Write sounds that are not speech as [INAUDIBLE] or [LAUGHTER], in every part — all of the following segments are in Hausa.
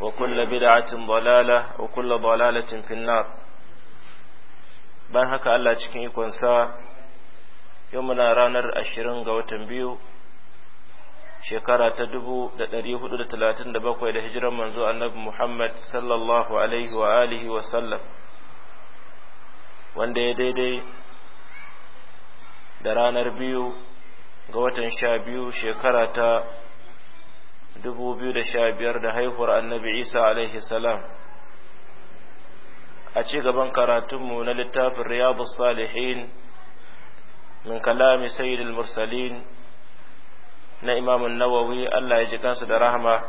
وكل بدعة ضلالة وكل ضلالة في النار بان هكا الله تشكين يكون سا يومنا رانر أشرين غوتن بيو shekara ta dubu da ɗari hudu da talatin da bakwai da hijiran manzo annabi Muhammad sallallahu alaihi wa wa sallam wanda ya daidai da ranar biyu ga watan sha biyu shekara ta 2015 da haihuwar annabi isa alaihi salam a cigaban karatunmu na littafin Riyabu salihin min kalami sayyidul mursalin na imamun nawawi allah ya ji kansu da rahama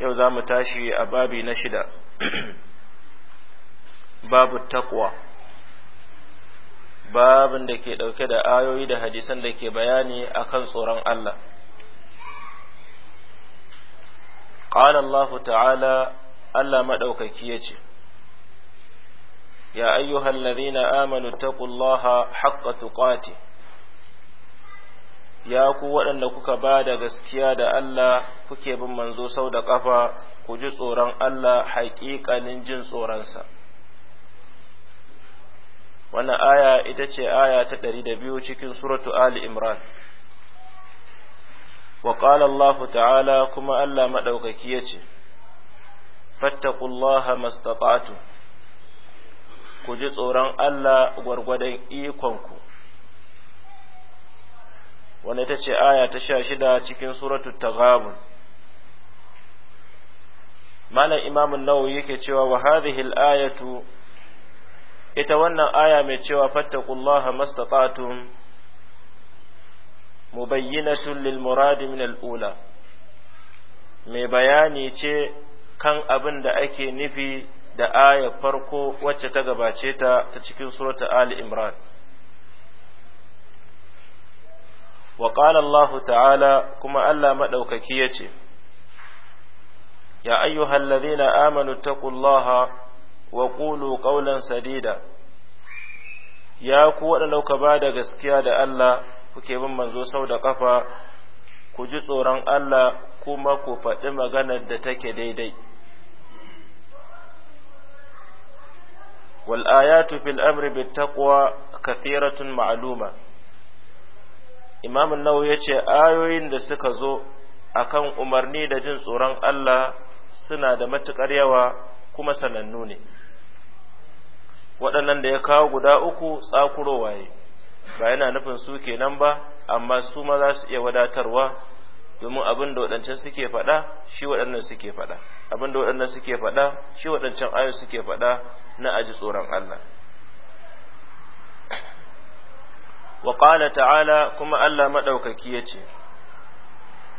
yau za mu tashi a babi na shida [CLEARS THROAT] babu takwa babin da ke ɗauke da ayoyi da hadisan da ke bayani akan tsoron allah qala Allah ta'ala Allah madaukaki yace ya ayyuhal ladhina amanu taqullaha haqqa tuqati ya ku waɗanda kuka ba da gaskiya da Allah kuke bin manzo sau da ƙafa ku ji tsoron Allah haƙiƙanin jin tsoronsa wannan aya ita ce aya ta ɗari da biyu cikin suratu Ali Imran Waƙalallahu ta'ala kuma Allah maɗaukaki yace ce, fattaƙullaha Ku ji tsoron Allah gwargwadon ikonku. Wani ita ce aya ta sha shida cikin suratun ta gabun. Malam Imam Nuhu ya ke cewa wahad da ayatu Ita wannan aya mai cewa fattaƙullaha mastaƙatun. mubayyinatun lil muradi min al'ula mai bayani ce kan abin da ake nufi da ayar farko wacce ta gabace ta ta cikin surata Ali Imran wa qala Allah ta'ala kuma Allah madaukaki yace ya ayyuhal ladhina amanu taqullaha wa qulu qawlan sadida ya ku waɗanda ka ba da gaskiya da Allah kuke bin manzo sau da kafa ku ji tsoron Allah kuma ku faɗi maganar da take daidai wal ayatu fil amri bit taqwa kathiratun ma'luma Imam an yace ayoyin da suka zo akan umarni da jin tsoron Allah suna da matukar yawa kuma sanannu ne waɗannan da ya kawo guda uku tsakurowaye ba yana nufin su kenan ba amma su ma za su iya wadatarwa domin abin da waɗancan suke faɗa shi waɗannan suke faɗa abin da waɗannan suke faɗa shi waɗancan ayo suke faɗa na aji tsoron Allah wa qala ta'ala kuma Allah madaukaki yace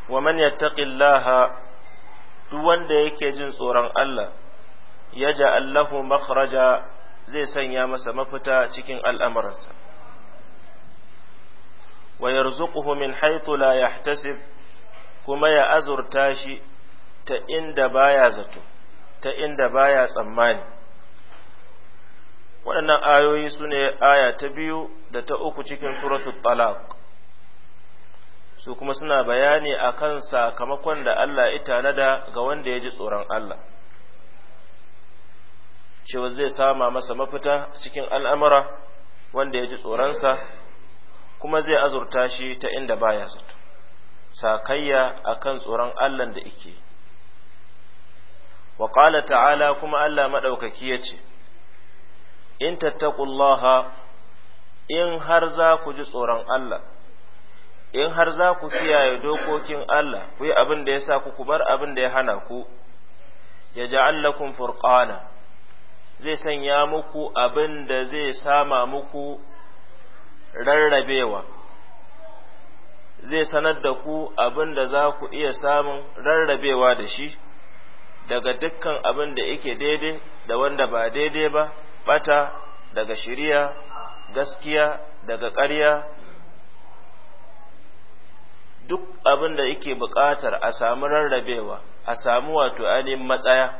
wa man yattaqillaha duk wanda yake jin tsoron Allah ya ja allahu makhraja zai sanya masa mafita cikin al'amuransa wa yarzuquhu min haythu la yahtasib kuma ya azurta shi ta inda baya zato ta inda baya tsammani waɗannan ayoyi su ne aya ta biyu da ta uku cikin suratu talaq su kuma suna bayani a kan sakamakon da Allah ya tanada ga wanda ya ji tsoron Allah cewa zai sama masa mafita cikin al'amura wanda ya ji tsoronsa kuma zai azurta shi ta inda baya zato sakayya akan tsoron Allah da yake wa qala ta'ala kuma Allah madaukaki yace in tattaqullaha in har za ku ji tsoron Allah in har za ku kiyaye dokokin Allah ku yi abin da ya sa ku ku bar abin da ya hana ku ya ja'al lakum furqana zai sanya muku abin da zai sama muku rarrabewa zai sanar da ku abin da za ku iya samun rarrabewa da shi daga dukkan abin da yake daidai da wanda ba daidai ba bata daga shirya gaskiya daga ƙarya duk abin da yake buƙatar a samu rarrabewa a samu wato ainihin matsaya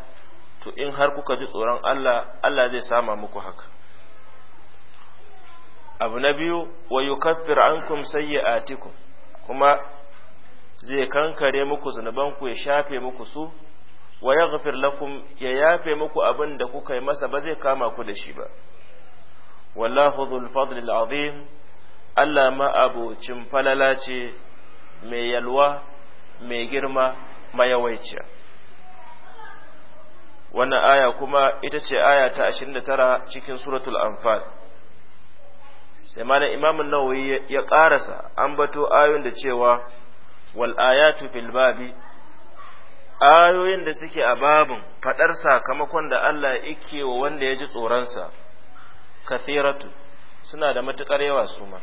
to in har kuka ji tsoron Allah Allah zai sama muku haka abu na biyu wa yukaffir ankum sayyi'atikum kuma zai kankare muku zunubanku ya shafe muku su wa yaghfir lakum ya yafe muku abin da kuka yi masa ba zai kama ku da shi ba wallahu dhul fadli azim Allah ma abu falala ce mai yalwa mai girma mayawaiciya wannan aya kuma ita ce aya ta 29 cikin suratul anfal sai malam an nawawi ya karasa an bato ayoyin da cewa wal ayatu fil babi ayoyin da suke a babin fadar sakamakon da Allah yake wa wanda ya ji tsoronsa kathiratu suna da matukar yawa su ma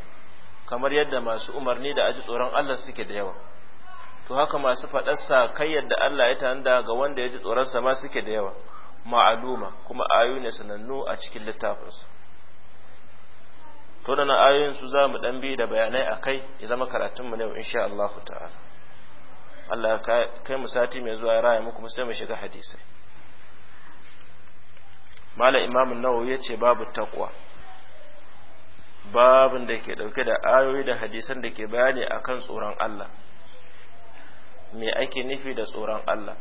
kamar yadda masu umarni da aji tsoron Allah suke da yawa to haka masu fadar sa kai yadda Allah ya tanda ga wanda ya ji tsoronsa ma suke da yawa ma'aluma kuma ayoyi ne sanannu a cikin littafinsu to da na ayoyin su za mu dan bi da bayanai akai ya zama karatun mu ne insha Allah ta'ala Allah kai mu sati mai zuwa raya muku mu sai mu shiga hadisai mala imam an ya ce babu taqwa babin da ke ɗauke da ayoyi da hadisan da ke bayani akan tsoron Allah me ake nufi da tsoron Allah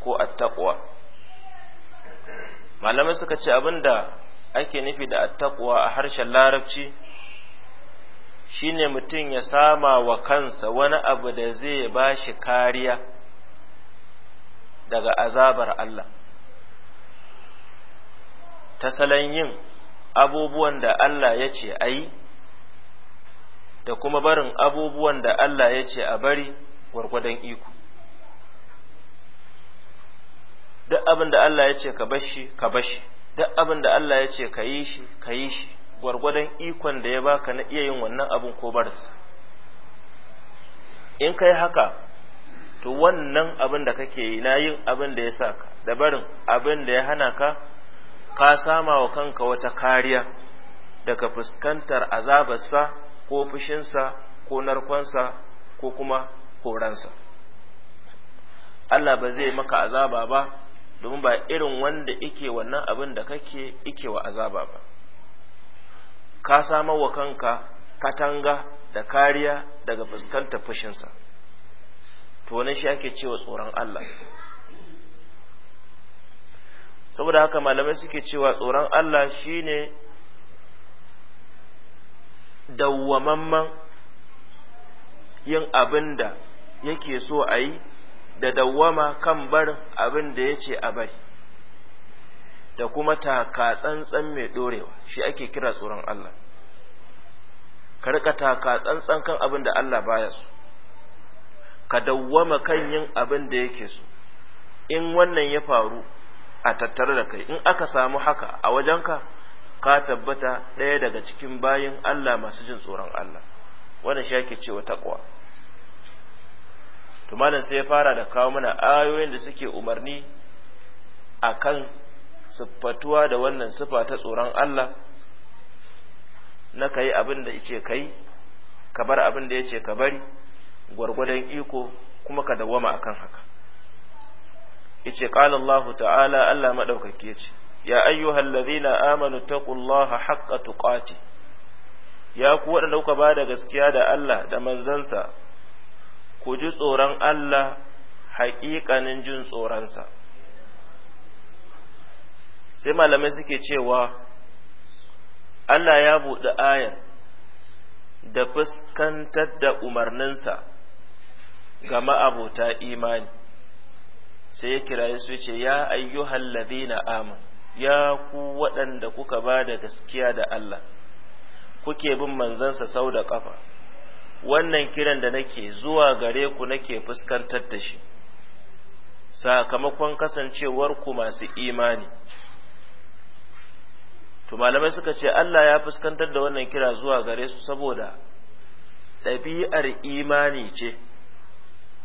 ko at-taqwa malamai suka ce abinda ake nufi da attaqwa a harshen larabci shine mutum ya sama wa kansa wani abu da zai ba shi kariya daga azabar Allah ta salon yin abubuwan da Allah ya ce a yi da kuma barin abubuwan da Allah ya ce a bari gwargwadon iko duk abin da Allah ya ce ka bashi ka bashi duk abin da Allah ya ce ka yi shi ka yi shi gwargwadon ikon da ya baka na iya yin wannan abin ko barinsa in kai haka to wannan abin da kake yi na yin abin da ya sa ka da barin abin da ya hana ka ka sama wa kanka wata kariya daga fuskantar azabarsa ko fushinsa ko narkonsa ko kuma horansa Allah ba zai maka azaba ba domin ba irin wanda ike wannan abin da kake ike wa azaba ba ka samar wa kanka katanga da kariya daga fuskantar fushinsa to wani shi ake cewa tsoron Allah saboda haka malamai suke cewa tsoron Allah shine dawwamamman yin abin da yake so a yi da dawwama kan barin abin da ya ce a bari da kuma ka tsantsan mai dorewa shi ake kira tsoron Allah ka rika ka tsantsan kan abin da Allah baya su, ka dawwama kan yin abin da yake so in wannan ya faru a tattare da kai in aka samu haka a wajenka ka tabbata ɗaya daga cikin bayin Allah masu jin tsoron Allah wannan shi ake cewa taqwa to sai ya fara da kawo mana ayoyin da suke umarni akan siffatuwa da wannan sifa ta tsoron Allah na kai abin da yace kai ka bar abin da yake ka bari gwargwadon iko kuma ka dawwama akan haka yace qala Allah ta'ala Allah madaukake yace ya ayyuhal ladhina amanu taqullaha haqqa tuqati ya ku waɗanda kuka ba da gaskiya da Allah da manzansa ku ji tsoron Allah haƙiƙanin jin tsoronsa sai malamai suke cewa Allah ya buɗe ayar da fuskantar da umarninsa ga ma'abota imani sai ya kira su ce ya ayyuhal ladina amin ya ku waɗanda kuka ba da gaskiya da Allah kuke bin manzansa sau da ƙafa wannan kiran da nake zuwa gare ku nake fuskantar da shi sakamakon kasancewar ku masu imani to malamai suka ce Allah ya fuskantar da wannan kira zuwa gare su saboda ɗabi'ar imani ce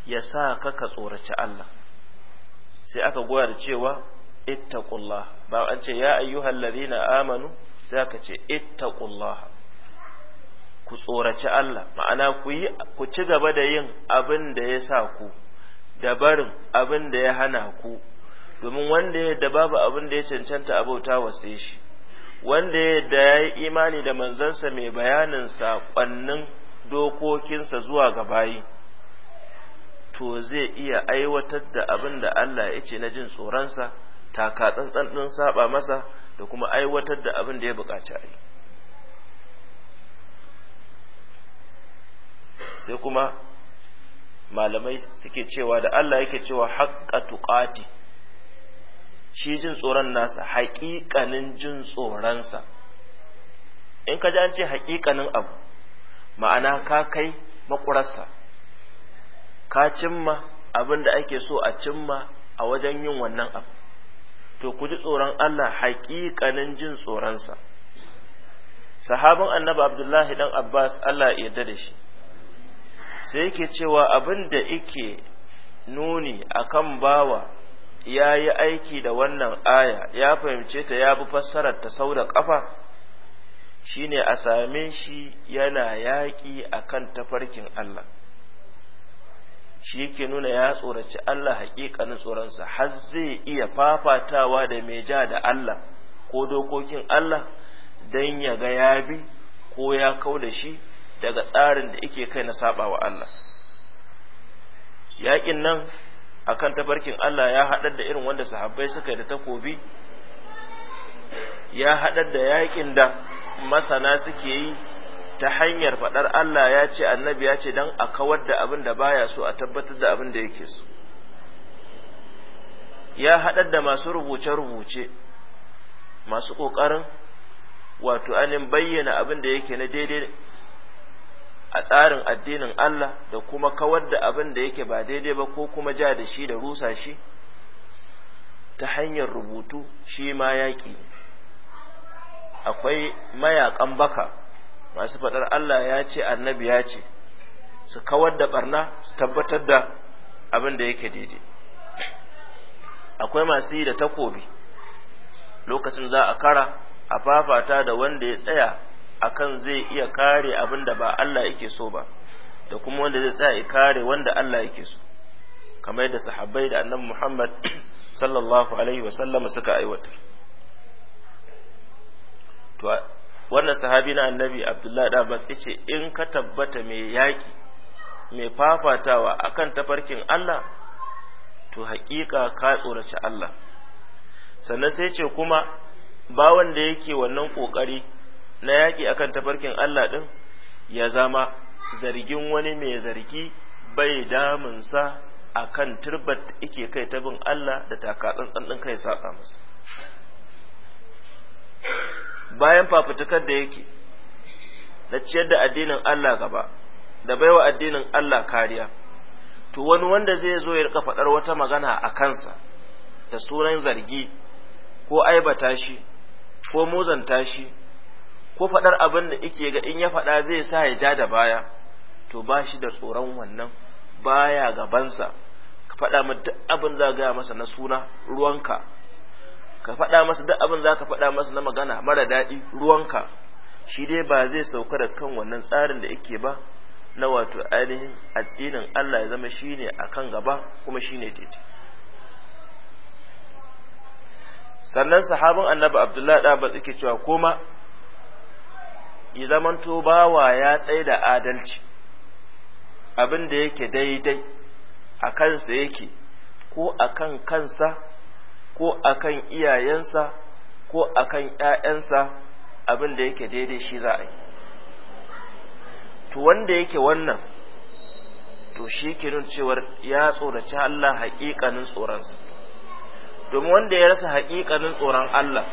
ya sa ka ka tsoraci Allah sai aka goya da cewa ittaqullah ba an ce ya ayyuhal ladina amanu sai aka ce ittaqullah ku tsoraci Allah ma'ana ku yi ku ci gaba da yin abin da ya sa ku da barin abin da ya hana ku domin wanda ya da babu abin da ya cancanta abauta wasu shi wanda ya da ya yi imani da manzansa mai bayanin saƙonnin dokokinsa zuwa ga bayi to zai iya aiwatar da abin da Allah ya ce na jin tsoronsa taka tsantsan ɗin saba masa da kuma aiwatar da abin da ya buƙaci a yi sai kuma malamai suke cewa da Allah yake cewa haqqa tuqati shi jin tsoron nasa haƙiƙanin jin tsoronsa in ka ji an ce haƙiƙanin abu ma'ana ka kai makurarsa ka cimma abin da ake so a cimma a wajen yin wannan abu to ku ji tsoron Allah haƙiƙanin jin tsoronsa sahabin annabi abdullahi dan abbas Allah ya yarda da shi sai yake cewa abin da yake nuni akan bawa ya yi aiki da wannan aya ya fahimce ta ya bi fassarar ta sau da ƙafa shine a same shi yana yaƙi akan tafarkin Allah shi yake nuna ya tsoraci Allah haƙiƙanin tsoronsa har zai iya fafatawa da mai ja da Allah ko dokokin Allah don ya ga ya bi ko ya kauda shi daga tsarin da yake kai na saba wa Allah yaƙin nan akan tabarkin Allah ya haɗar da irin wanda sahabbai suka yi da takobi ya haɗar da yaƙin da masana suke yi ta hanyar faɗar Allah ya ce annabi ya ce don a kawar da abin da baya so a tabbatar da abin da yake so ya haɗar da masu rubuce-rubuce masu ƙoƙarin wato anin bayyana abin da yake na daidai a tsarin addinin Allah da kuma kawar da abin da yake ba daidai ba ko kuma ja da shi da rusa shi ta hanyar rubutu shi ma yaƙi akwai mayaƙan baka masu faɗar Allah ya ce annabi ya ce su kawar da barna su tabbatar da abin da yake daidai akwai masu yi da takobi lokacin za a kara a fafata da wanda ya tsaya akan zai iya kare abin da ba Allah yake so ba da kuma wanda zai tsaya kare wanda Allah yake so kamar da sahabbai da annabi Muhammad [COUGHS] sallallahu alaihi wa sallam suka aiwatar to wannan sahabi na annabi Abdullahi da Abbas yace in ka tabbata mai yaki mai fafatawa akan tafarkin Allah to haƙiƙa ka tsoraci Allah sannan sai ce kuma ba wanda yake wannan ƙoƙari na yaƙi akan tafarkin Allah ɗin ya zama zargin wani mai zargi bai damunsa a kan turbat ike kai ta bin Allah da takatsantsan ɗin kai saƙa masa bayan fafutukar da yake da ciyar da addinin Allah gaba da baiwa addinin Allah kariya to wani wanda zai zo ya rika faɗar wata magana a kansa da sunan zargi ko aibata shi ko muzanta shi ko faɗar abin da yake ga in ya faɗa zai sa ya ja da baya to ba shi da tsoron wannan baya gabansa ka faɗa masa duk abin za gaya masa na suna ruwanka ka faɗa masa duk abin za ka faɗa masa na magana mara daɗi ruwanka shi dai ba zai sauka da kan wannan tsarin da yake ba na wato ainihin addinin Allah ya zama shine akan gaba kuma shine daidai sannan sahabin annabi abdullahi da ba suke cewa koma ya zamanto bawa ya tsaye da adalci abin da yake daidai a kansa yake ko a kan kansa ko a kan iyayensa ko a kan ‘ya'yansa abin da yake daidai shi za a yi to wanda yake wannan to shi ke nun cewar ya tsoraci Allah haƙiƙanin tsoronsa domin wanda ya rasa haƙiƙanin tsoron Allah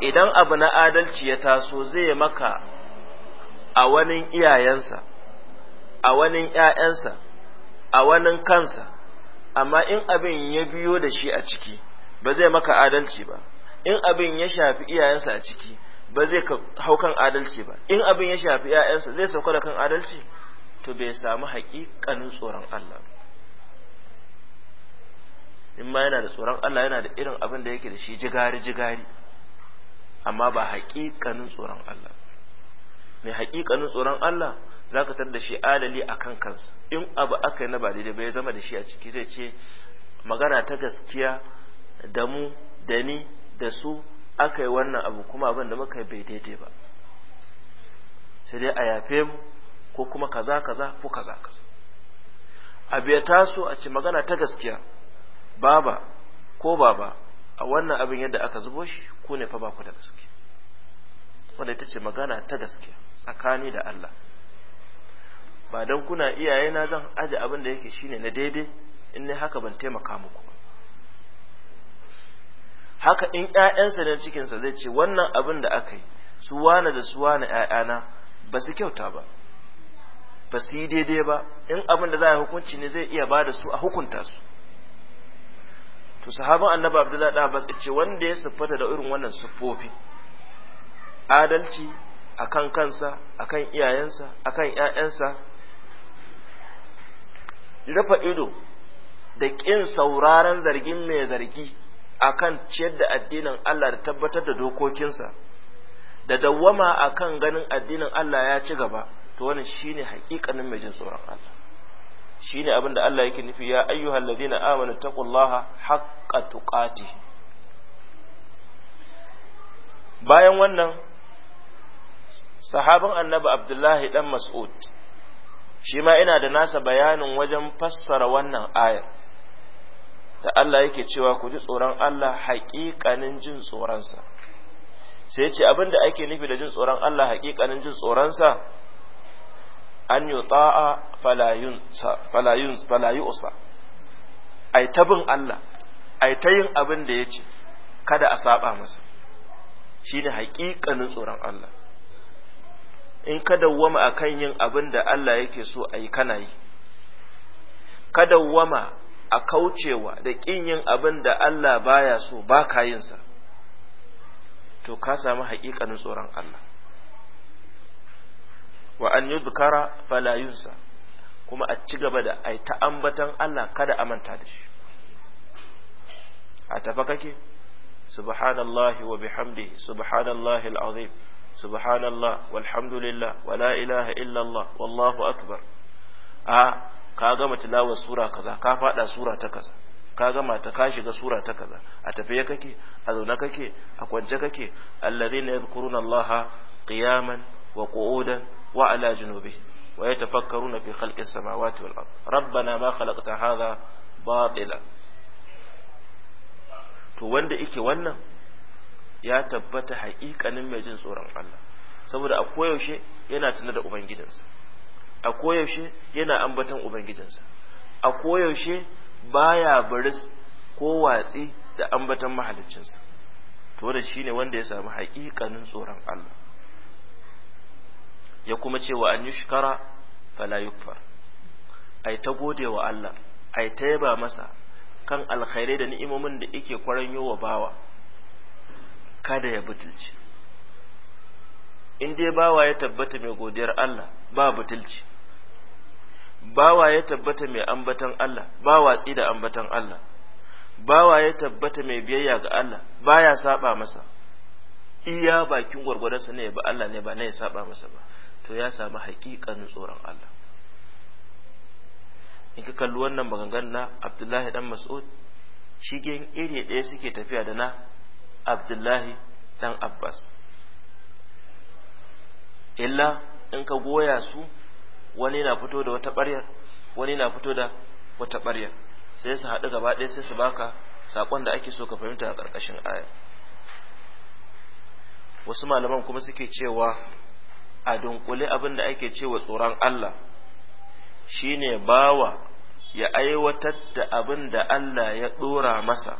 idan abu na adalci ya taso zai maka a wani iyayensa a wani ‘ya'yansa a wani kansa amma in abin ya biyo da shi a ciki ba zai maka adalci ba in abin ya shafi iyayensa a ciki ba zai hau kan adalci ba in abin ya shafi ‘ya'yansa zai sauka da kan adalci to bai samu haƙiƙanin tsoron Allah in ma yana da tsoron Allah yana da irin abin da yake da shi jigari jigari amma ba haƙiƙanin tsoron Allah mai haƙiƙanin tsoron Allah za ka tar da shi adali a kan kansa in abu aka yi na ba daidai bai zama da shi a ciki zai ce magana ta gaskiya da mu da ni da su aka yi wannan abu kuma abin da muka yi bai daidai ba sai dai a yafe mu ko kuma kaza kaza ko kaza kaza abu ya taso a ce magana ta gaskiya baba ko baba a wannan abin yadda aka zubo shi ku ne fa ba ku da gaske wanda ita ce magana ta gaske tsakani da Allah ba don kuna iyaye na zan aje abin da yake shine na daidai in ne haka ban taimaka muku haka in ƴaƴansa ne cikinsa zai ce wannan abin da aka yi su wane da su wane ƴaƴana ba su kyauta ba ba su yi daidai ba in abin da za a hukunci ne zai iya bada su a hukunta su to sahaban annabi abdullahi da abbas ce wanda ya siffata da irin wannan siffofi adalci akan kansa akan iyayensa akan ƴaƴansa rufe ido da ƙin sauraron zargin mai zargi akan ciyar da addinin Allah da tabbatar da dokokinsa da dawwama akan ganin addinin Allah ya ci gaba to wannan shine hakikanin mai jin tsoron Allah shine abin da Allah yake nufi ya ayyuhal ladina amanu taqullaha haqqa tuqati bayan wannan sahabin annabi Abdullahi dan Mas'ud shi ma ina da nasa bayanin wajen fassara wannan ayar da Allah yake cewa ku ji tsoron Allah haƙiƙanin jin tsoronsa sai ce abinda ake nufi da jin tsoron Allah haƙiƙanin jin tsoronsa an yi ta'a fala ai ta bin Allah ai ta yin abin da ya ce kada a saba masa ne haƙiƙanin tsoron Allah in ka dawwama akan yin abin da Allah yake so a yi kana yi kada wama a kaucewa da ƙin yin abin da Allah baya so ba ka yinsa to ka sami haƙiƙanin tsoron Allah wa an yudhkara fala falayunsa kuma a ci gaba da a ta ambatan Allah kada a manta da shi a tafa kake subhanallah wa bihamdi subhanallah alazim subhanallah walhamdulillah wala ilaha illallah wallahu akbar a ka gama tilawar sura kaza ka fada sura ta kaza ka gama ta ka shiga sura ta kaza a tafiye kake a zaune kake a kwance kake allazina yadhkuruna allaha qiyaman wa qu'udan wa ala junubi wa yatafakkaruna fi khalqis samawati wal ard rabbana ma khalaqta hadha batila to wanda yake wannan ya tabbata haƙiƙanin mai jin tsoron Allah saboda a koyaushe yana tuna da ubangijinsa a koyaushe yana ambaton ubangijinsa a koyaushe baya baris ko watsi da ambaton mahaliccinsa to da shine wanda ya samu haƙiƙanin tsoron Allah ya kuma ce wa an yushkara fala yukfar ai ta gode wa Allah ai ta yaba masa kan alkhairai da ni'imomin da yake kwaranyo wa bawa kada ya butulci in dai bawa ya tabbata mai godiyar Allah ba butulci bawa ya tabbata mai ambatan Allah ba watsi da ambatan Allah bawa ya tabbata mai biyayya ga Allah baya saba masa iya bakin gwargwadonsa ne ba Allah ne ba na ya saba masa ba to ya samu haƙiƙanin tsoron Allah in ka kalli wannan maganganun na Abdullahi dan Mas'ud shigen iri ɗaya suke tafiya da na Abdullahi dan Abbas illa in ka goya su wani na fito da wata ɓaryar wani na fito da wata ɓaryar sai su haɗu gaba ɗaya sai su baka saƙon da ake so ka fahimta a ƙarƙashin aya wasu malaman kuma suke cewa a dunkule abin da ake cewa tsoron Allah shine bawa ya aiwatar da abin da Allah ya ɗora masa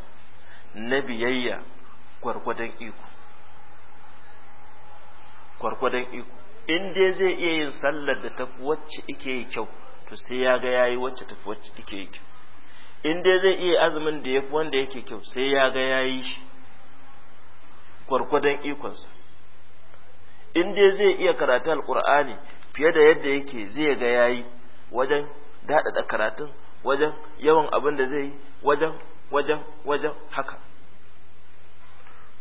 na biyayya gwargwadon iko gwargwadon iko in dai zai iya yin sallar da ta wacce ike yi kyau to sai ya ga yayi wacce ta wacce ike yi kyau in dai zai iya azumin da yafi wanda yake kyau sai ya ga yayi shi gwargwadon ikonsa in dai zai iya karatu alqur'ani fiye da yadda yake zai ga yayi wajen daɗaɗa karatun wajen yawan abin da zai yi wajen wajen wajen haka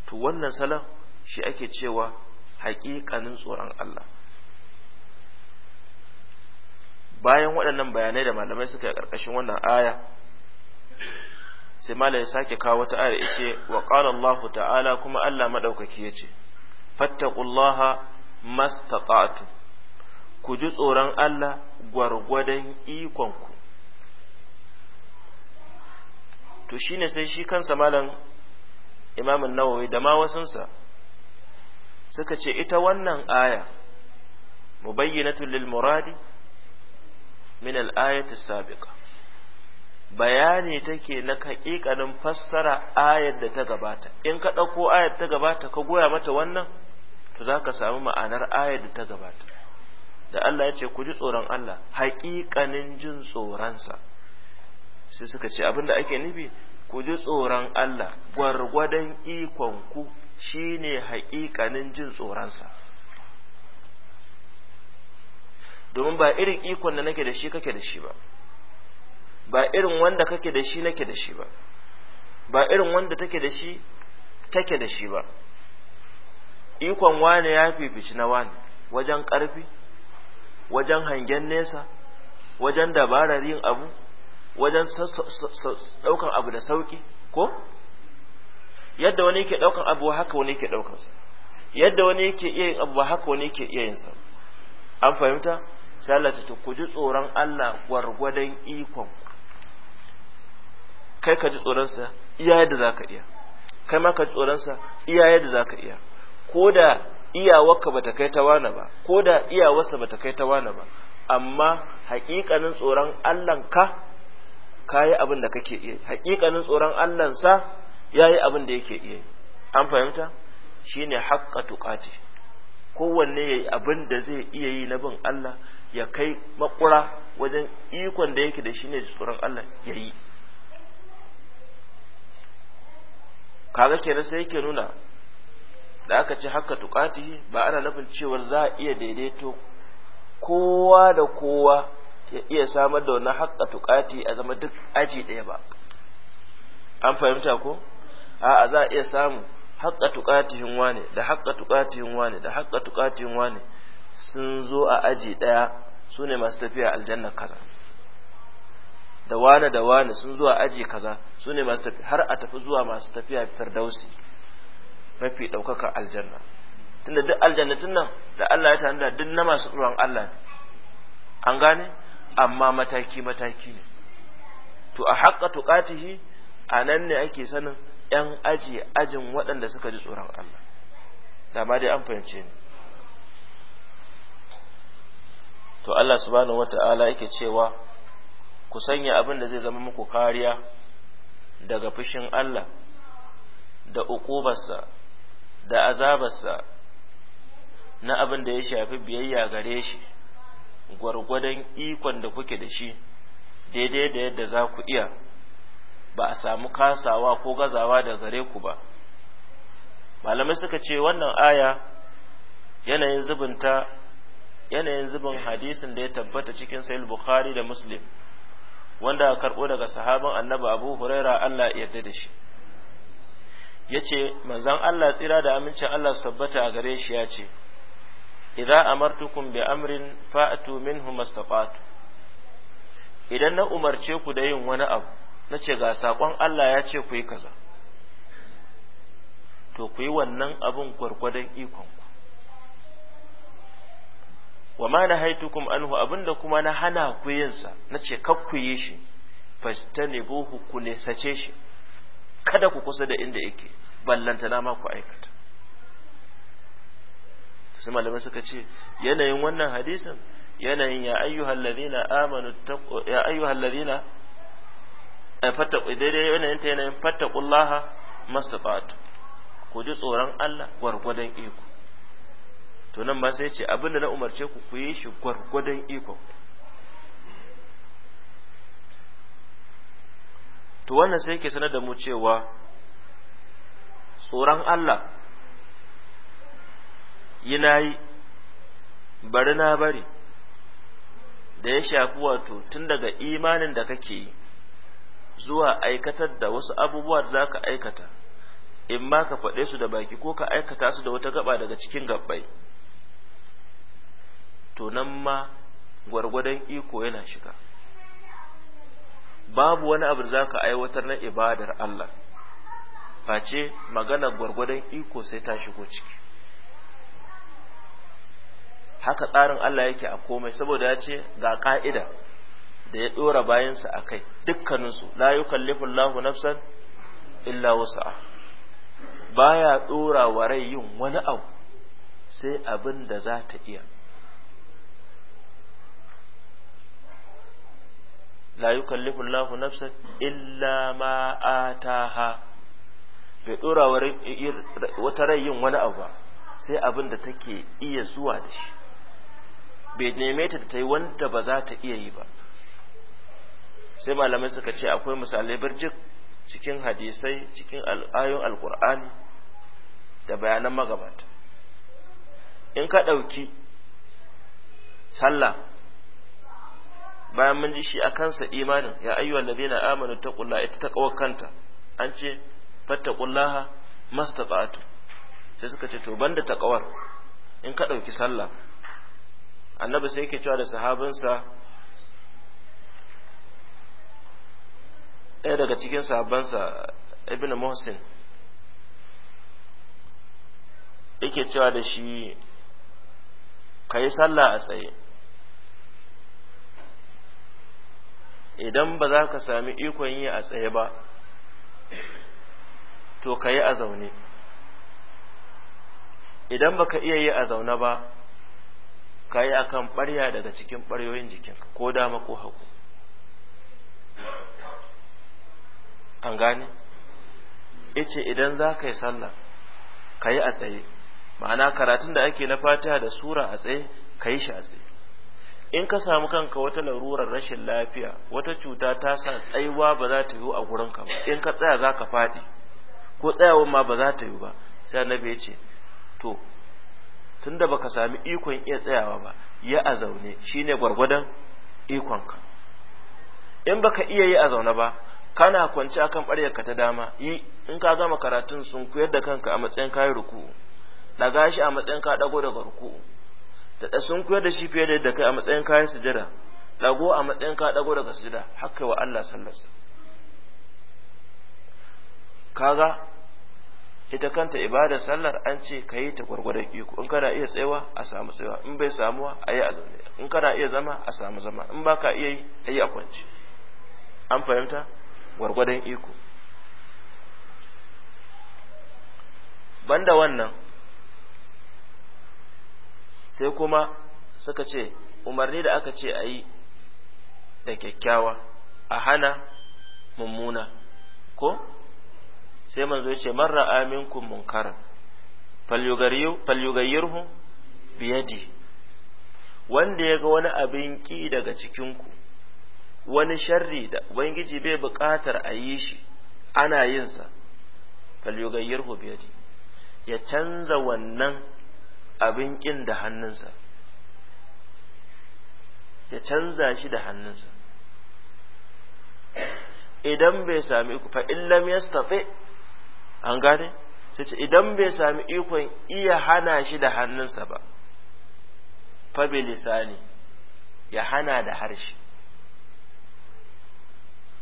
to wannan salon shi ake cewa haƙiƙanin tsoron Allah bayan waɗannan bayanai da malamai suka yi ƙarƙashin wannan aya sai malai ya sake kawo wata aya ya ce wa qala ta'ala kuma Allah maɗaukaki ya ce fattaqullaha mastata'tum ku ji tsoron Allah gwargwadon ikonku to shine sai shi kansa malam imamin nawawi da ma wasunsa suka ce ita wannan aya mubayyinatul lil muradi min al-ayati sabiqah bayani take na hakikanin fassara ayar da ta gabata in ka ɗauko ayar ta gabata ka goya mata wannan to za ka samu ma'anar ayar da ta gabata da Allah ya ce ku ji tsoron Allah hakikanin jin tsoronsa sai suka ce abin da ake nufi ku ji tsoron Allah gwargwadon ikonku shine hakikanin jin tsoronsa domin ba irin ikon da nake da shi kake da shi ba ba irin wanda kake da shi nake da shi ba ba irin wanda take da shi take da shi ba ikon wane ya fifici na wane wajen ƙarfi wajen hangen nesa wajen dabarar yin abu wajen ɗaukan abu da sauƙi ko yadda wani yake ɗaukan abu haka wani yake ɗaukansa yadda wani yake iya yin abu haka wani yake iya yin sa an fahimta sai Allah ta ku ji tsoron Allah gwargwadon ikon kai ka ji tsoronsa iya yadda za ka iya kai ma ka ji tsoronsa iya yadda za ka iya ko da iyawarka ba ta kai ta wane ba ko da iyawarsa ba ta kai ta wane ba amma haƙiƙanin tsoron ka ka yi abin da kake iya haƙiƙanin tsoron sa ya yi abin da yake iya an fahimta shine haƙƙa tuƙati kowanne ya yi abin da zai iya yi na bin Allah ya kai makura wajen ikon da yake da shi ne tsoron Allah ya yi kaga kenan sai yake nuna da aka ce haka tukati ba ana nufin cewar za a iya daidaito kowa da kowa ya iya samar da wannan haka tukati a zama duk aji ɗaya ba an fahimta ko a'a za a iya samu haka tukatihin wane da haka tukatihin wane da haka tukatihin wane sun zo a aji ɗaya su ne masu tafiya aljanna kaza da wane da wane sun zo a aji kaza su ne masu tafi har a tafi zuwa masu tafiya firdausi mafi ɗaukaka aljanna tunda duk aljannatin nan da Allah ya tanada duk na masu tsoron Allah ne an gane amma mataki mataki ne to a haƙa tuƙatihi a nan ne ake sanin ‘yan aji ajin waɗanda suka ji tsoron Allah da ma dai an fahimce ni to Allah subhanahu wata'ala yake cewa ku sanya abin da zai zama muku kariya daga fushin Allah da uƙubarsa da azabarsa na abin da ya shafi biyayya gare shi gwargwadon ikon da kuke da shi daidai da yadda za ku iya ba a samu kasawa ko gazawa da gare ku ba malamai suka ce wannan aya yanayin zubinta yanayin zubin hadisin da ya tabbata cikin sahih bukhari da muslim wanda aka karɓo daga sahaban annabi abu huraira Allah ya yarda da shi yace manzon Allah tsira da amincin Allah su tabbata a gare shi yace idza amartukum bi amrin fa'tu minhu mastaqatu idan na umarce ku da yin wani abu nace ga sakon Allah ya ce ku yi kaza to ku yi wannan abun gwargwadon ikonku wa ma na an anhu abinda kuma na hana ku yin sa nace kakkuye shi fastanibuhu ku ne sace shi kada ku kusa da inda yake ballanta na ma ku aikata sai malamai suka ce yanayin wannan hadisin yanayin ya ayyuhal ladina amanu ya ayyuhal ladina eh, daidai yanayin ta yanayin fattaqullaha mastata'tu ku ji tsoron Allah gwargwadon iko to nan ba sai ce abin da na umarce ku ku yi shi gwargwadon ikon to wannan sai ke sanar da mu cewa tsoron Allah yi na yi bari na bari da ya shafi wato tun daga imanin da kake yi zuwa aikatar da wasu abubuwa da za ka aikata in ma ka faɗe su da baki ko ka aikata su da wata gaba daga cikin gabbai to nan ma gwargwadon iko yana shiga babu wani abu za ka aiwatar na ibadar Allah face magana gwargwadon iko sai ta shigo ciki haka tsarin Allah yake a komai saboda ya ce ga ka'ida da ya ɗora bayansa a kai dukkaninsu layukan yi kallifin lahu nafsan illa wasu a baya ɗora wa rai yin wani abu sai abin da za ta iya la yukallifu Allahu nafsan illa ma ataha bai dora wata rai yin wani abu ba sai abin da take iya zuwa da shi bai neme ta ta yi wanda ba za ta iya yi ba sai malamai suka ce akwai misalai birjik cikin hadisai cikin al'ayon alkur'ani da bayanan magabata in ka ɗauki sallah bayan mun ji shi a kansa imanin ya ayyuwa ayyuha na amanu kulla ita ta taqwa kanta an ce fattaqullaha mastata'tu sai suka ce to banda kawar in ka ɗauki sallah annabi sai ke cewa da sahabinsa ɗaya daga cikin sahabinsa ibn muhsin yake cewa da shi ka yi sallah a tsaye idan ba za ka sami ikon yi a tsaye ba to ka yi a zaune idan ba ka iya yi a zaune ba ka yi a kan ɓarya daga cikin ɓaryoyin jikinka ko dama ko haku an gane ice idan za ka yi sallah ka yi a tsaye ma'ana karatun da ake na fatiha da sura a tsaye ka yi shi a tsaye in ka samu kanka wata larurar rashin lafiya wata cuta ta sa tsayuwa ba za ta yiwu a gurinka ba in ka tsaya za ka faɗi ko tsayawa ma ba za ta yiwu ba sai annabi ya ce to tunda baka sami ikon iya tsayawa ba ya a zaune shine gwargwadon ikonka in baka iya yi a zaune ba kana kwance kan ɓaryarka ta dama yi in ka gama karatun sun koyar da kanka a matsayin kayi ruku'u daga shi a matsayin ka dago daga ruku'u da sun koyar da shi fiye da yadda kai a matsayin kayan sujada dago a matsayin ka dago daga sujada haka wa Allah sallarsa kaga ita kanta ibada sallar an ce ka yi ta gwargwadon iko in kana iya tsayawa a samu tsayawa in bai samuwa a yi a zaune in kana iya zama a samu zama in ba ka iya yi a yi a kwance an fahimta gwargwadon iko banda wannan sai kuma suka ce umarni da aka ce a yi da kyakkyawa a hana mummuna ko sai manzo ya ce marra aminkum munkaran falyugayyirhu biyadi wanda ya ga wani abin ƙi daga cikinku wani sharri da ubangiji bai buƙatar a yi shi ana yinsa falyugayyirhu biyadi ya canza wannan abin ƙin da hannunsa ya canza shi da hannunsa idan bai sami iko fa illam yastati an gane sai ce idan bai sami ikon iya hana shi da hannunsa ba fa bi lisani ya hana da harshe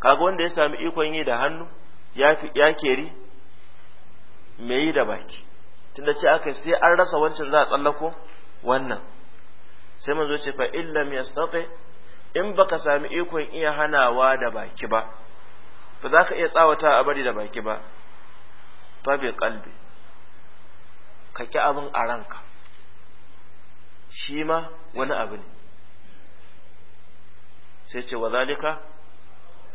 kaga wanda ya sami ikon yi da hannu ya keri me yi da baki tunda ce aka sai an rasa wancan za a tsallako wannan sai manzo ce fa illam yastati in baka sami ikon iya hanawa da baki ba ba za ka iya tsawata a bari da baki ba fa bi qalbi ka ki abin a ranka shi ma wani abu ne sai ce wazalika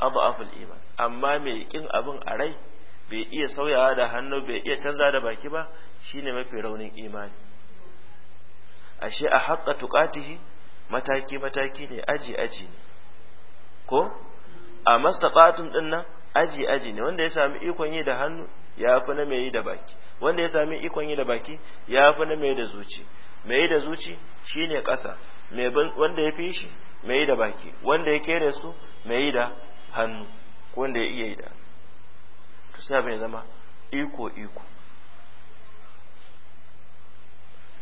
abu aful iman amma mai kin abin a rai bai iya sauyawa da hannu bai iya canza da baki ba shine mafi raunin imani ashe a haƙa tuƙatihi mataki mataki ne aji aji ne ko a mastaƙatun ɗin nan aji aji ne wanda ya sami ikon yi da hannu ya fi na mai yi da baki wanda ya sami ikon yi da baki ya fi na mai da zuci mai da zuci shine ƙasa wanda ya fi shi mai da baki wanda ya kere su mai da hannu wanda ya iya yi da hannu. zama iko iko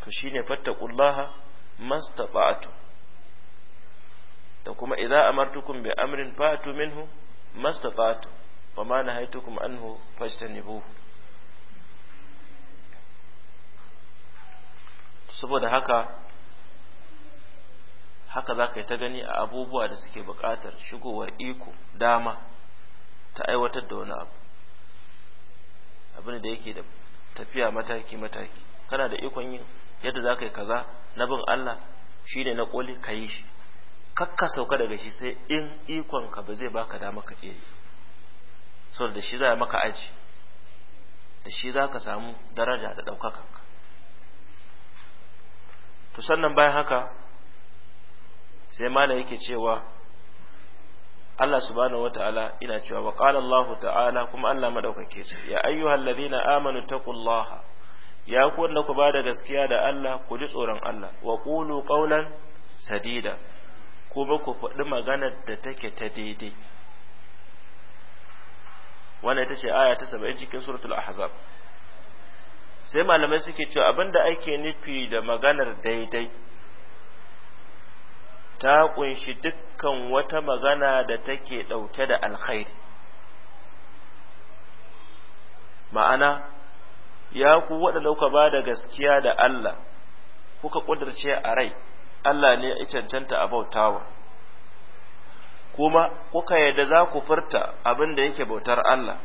to shine fattaqullaha mastata'tu da kuma idza amartukum bi amrin fatu minhu mastata'tu wa ma nahaytukum anhu fastanibu saboda haka haka za ka yi ta gani a abubuwa da suke buƙatar shigowar iko dama ta aiwatar da wani abu abin da yake da tafiya mataki-mataki kana da ikon yin yadda za ka yi kaza na bin Allah shi ne na ƙoli ka yi shi kakka sauka daga shi sai in ikonka ba zai baka dama ka iya yi so da shi za maka aji da shi za ka samu daraja da ɗaukaka to sannan bayan haka sai mala yake cewa Allah subhanahu ta'ala ina cewa wa qala ta'ala kuma Allah maɗaukake ce ya ayyuhal na amanu taqullaha ya ku wanda ku bada gaskiya da Allah ku ji tsoron Allah wa qulu qawlan sadida ku ba ku faɗi maganar da take ta daidai wannan ita ce aya ta 70 cikin suratul ahzab sai malamai suke cewa abinda ake nufi da maganar daidai ta kunshi dukkan wata magana da take ɗauke da alkhairi ma'ana ya ku waɗanda kuka ba da gaskiya da Allah kuka ƙudurce a rai Allah ne ya cancanta a bautawa kuma kuka yadda za ku furta abin da yake bautar Allah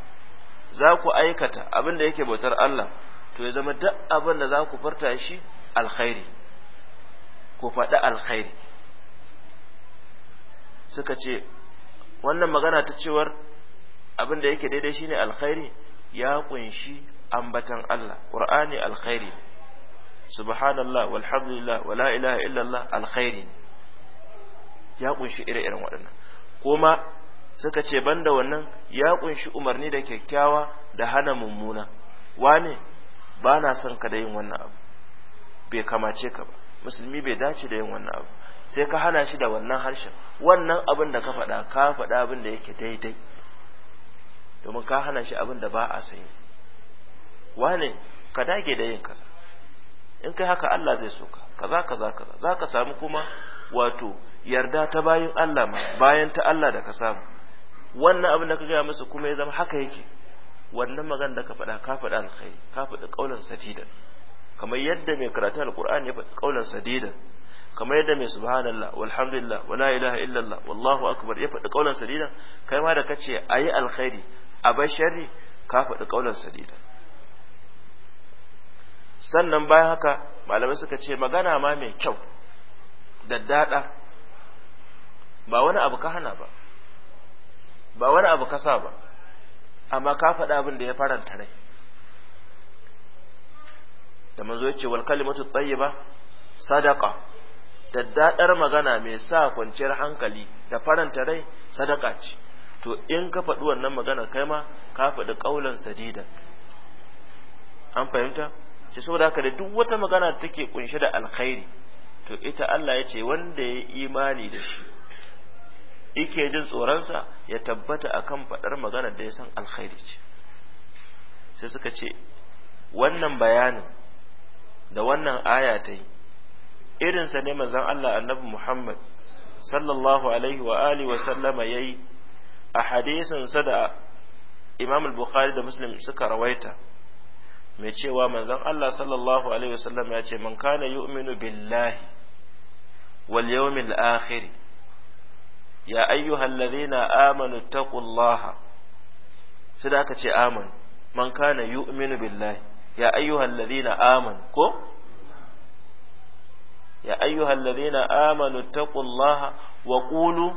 za ku aikata abin da yake bautar Allah to ya zama duk abin da za ku furta shi alkhairi ku faɗi alkhairi suka ce wannan magana ta cewar abin da yake daidai shine alkhairi ya kunshi ambatan Allah qur'ani alkhairi subhanallah walhamdulillah wala ilaha illallah alkhairi ya kunshi ire-iren waɗannan kuma suka ce banda wannan ya kunshi umarni da kyakkyawa da hana mummuna wane ba na son ka da yin wannan abu bai kamace ka ba musulmi bai dace da yin wannan abu sai ka hana shi da wannan harshen wannan abin da ka faɗa ka faɗa abin da yake daidai domin ka hana shi abin da ba a sanyi wane ka dage da yin kaza in kai haka Allah zai so ka kaza kaza kaza za ka samu kuma wato yarda ta bayan Allah ma bayan ta Allah da ka samu wannan abin da ka gaya masa kuma ya zama haka yake wannan magana da ka faɗa ka faɗa alkhairi ka faɗi ƙaunar sadidan kamar yadda mai karatun alkur'ani ya faɗi ƙaunar sadidan kamar yadda mai subhanallah walhamdulillah wala ilaha illallah wallahu akbar ya faɗi ƙaunar sadidan kai ma da kace ayi alkhairi a bai sharri ka faɗi ƙaunar sadidan sannan bayan haka malamai suka ce magana ma mai kyau daddada ba wani abu ka hana ba ba wani abu ka sa ba amma ka faɗa abin da ya faranta rai da manzo ya wal kalimatu tayyiba sadaqa daddadar magana mai sa kwanciyar hankali da faranta rai sadaka ce to in ka faɗi wannan magana kai ma ka faɗi ƙaulan sadida an fahimta sai saboda haka da duk wata magana da take kunshe da alkhairi to ita Allah ya ce wanda ya yi imani da shi yake jin tsoronsa ya tabbata akan faɗar magana da ya san alkhairi ce sai suka ce wannan bayanin da wannan aya ta yi irinsa ne manzon Allah annabi Muhammad sallallahu alaihi wa alihi wa sallama yayi a hadisin sa da Imam al-Bukhari da Muslim suka rawaita mai cewa manzon Allah sallallahu alaihi wasallam ya ce man kana yu'minu billahi wal yawmil akhir ya ayyuhalladhina amanu taqullaha sai da aka ce aman man kana yu'minu billahi ya ayyuhalladhina aman ko ya ayyuhalladhina amanu taqullaha wa qulu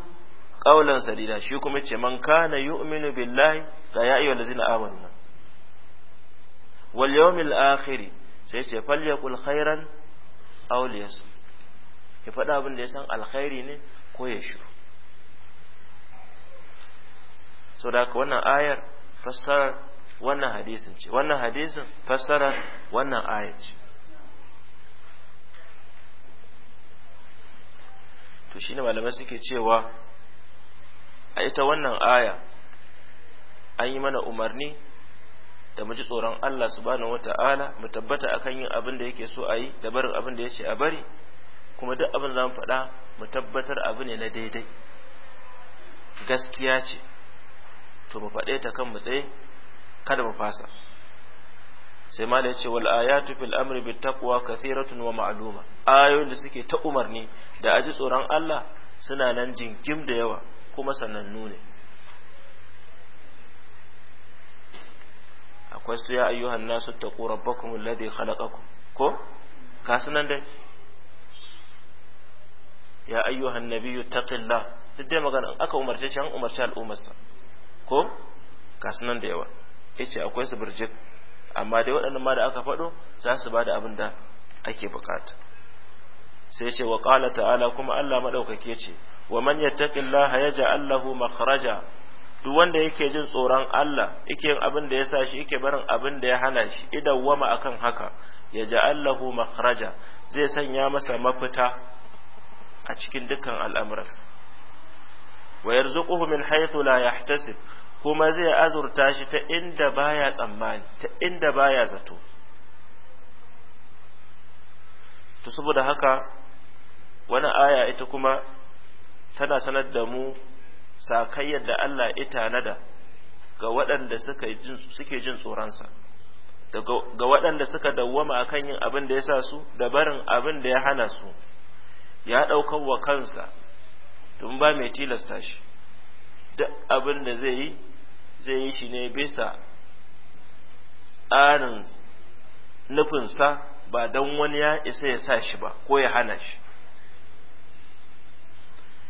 qawlan sadida shi kuma ce man kana yu'minu billahi ya ayyuhalladhina amanu wal yawmil akhir sai ce falyakul khairan aw liyasum ya faɗa abin da ya san alkhairi ne ko ya shiru so da wannan ayar fassarar wannan hadisin ce wannan hadisin fassarar wannan ayar ce to shine malamai suke cewa a ita wannan aya an yi mana umarni da mu ji tsoron Allah subhanahu wata'ala mu tabbata akan yin abin da yake so a yi da barin abin da ya ce a bari kuma duk abin za mu faɗa mu tabbatar abu ne na daidai gaskiya ce to mu faɗe ta kan mu tsaye kada mu fasa sai mala ya ce wal ayatu fil amri bit taqwa kathiratun wa ma'luma ayoyin da suke ta umarni da aji tsoron Allah suna nan jingim da yawa kuma sanannu ne akwai su ya ayyuhan nasu taqu rabbakum alladhi khalaqakum ko ka nan dai ya ayyuhan nabiyyu taqillah duk dai magana aka umarce shi an umarci al'ummarsa ko ka nan da yawa ce akwai su birjik amma dai waɗannan ma da aka faɗo za su ba da abin da ake bukata sai ce wa ta'ala kuma Allah maɗaukake ce wa man yattaqillaha yaj'al lahu makhraja duk wanda yake jin tsoron Allah yake yin abin da ya sa shi yake barin abin da ya hana shi idan idawwama akan haka ya ja'allahu makhraja zai sanya masa mafita a cikin dukkan al'amuransa wa yarzuquhu min haythu la yahtasib kuma zai azurta shi ta inda baya tsammani ta inda baya zato to saboda haka wani aya ita kuma tana sanar da mu sakayyar da Allah ya tanada ga waɗanda suke jin tsoronsa ga waɗanda suka dawwama akan yin abin da ya sa su da barin abin da ya hana su ya ɗaukar wa kansa tun ba mai tilasta shi duk abin da zai yi zai yi shi ne bisa tsarin nufinsa ba don wani ya isa ya sa shi ba ko ya hana shi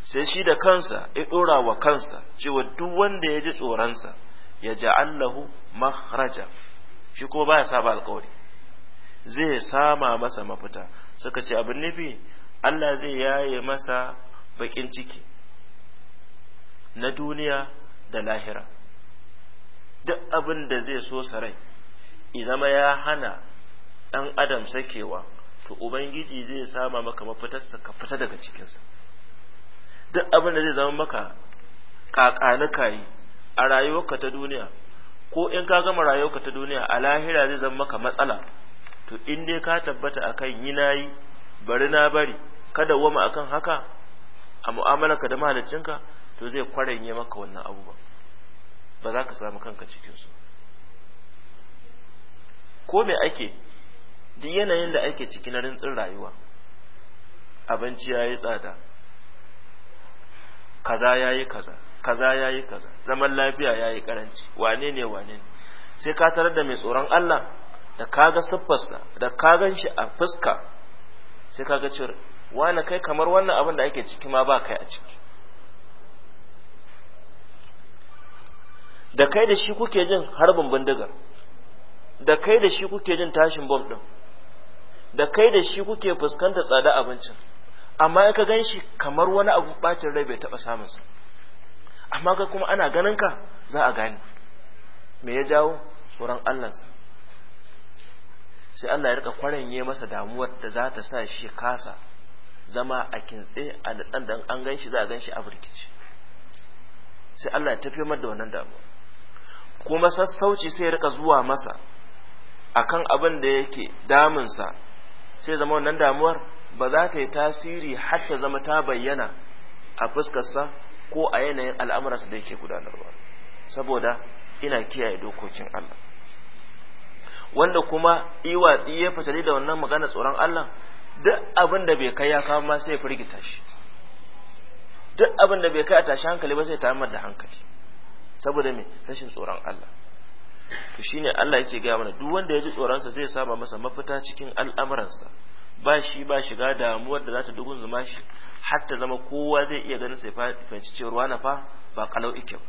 sai shi da kansa ya dora wa kansa cewa duk wanda ya ji tsoronsa ya ja'allahu makhraja shi kuma baya saba alƙawari zai sama masa mafita suka ce abin nufi Allah zai yaye masa bakin ciki na duniya da lahira duk abin da zai so sarai izama ya hana ɗan adam sakewa to ubangiji zai sama maka mafitarsa ka fita daga cikinsa duk abin da zai zama maka kakanuka yi a rayuwarka ta duniya ko in ka gama rayuwarka ta duniya a lahira zai zama maka matsala to in dai ka tabbata akan yi nayi bari na bari kada wama akan haka a mu'amalarka da mahaliccinka to zai yi maka wannan abubuwa ba za ka samu kanka cikin su ko me ake duk yanayin da ake ciki na rintsin rayuwa abinci ya yi tsada kaza yayi kaza kaza yayi kaza zaman lafiya yayi karanci wane ne wane ne sai ka tarar da mai tsoron Allah da kaga siffarsa da ka ganshi a fuska sai kaga cewa wane kai kamar wannan abin da ake ciki ma ba kai a ciki da kai da shi kuke jin harbin bindigar da kai da shi kuke jin tashin bom din da kai da shi kuke fuskanta tsada abincin amma ka gan shi kamar wani abu bacin rai bai taɓa samunsa amma ka kuma ana ganin ka za a gane me ya jawo tsoron allansa sai allah ya rika kwaranye masa damuwar da za ta sa shi kasa zama a kintse a natsan da an gan shi za a gan shi a birkici sai allah ya tafi mar da wannan damuwa kuma sassauci sai ya rika zuwa masa akan abin da yake damunsa sai zama wannan damuwar ba za ta yi tasiri har ta zama ta bayyana a fuskarsa ko a yanayin al'amuransa da yake gudanarwa saboda ina kiyaye dokokin Allah wanda kuma iwatsi ya fitali da wannan magana tsoron Allah duk abin da bai kai ya kawo ma sai ya firgita shi duk abin da bai kai a tashi hankali ba sai ta da hankali saboda me rashin tsoron Allah to shine Allah yake gaya mana duk wanda ya ji tsoronsa zai saba masa mafita cikin al'amuransa ba shi ba shiga damuwar da za ta dugun zuma shi har ta zama kowa zai iya ganin sai fahimci cewa ruwa na fa ba kalau ike ba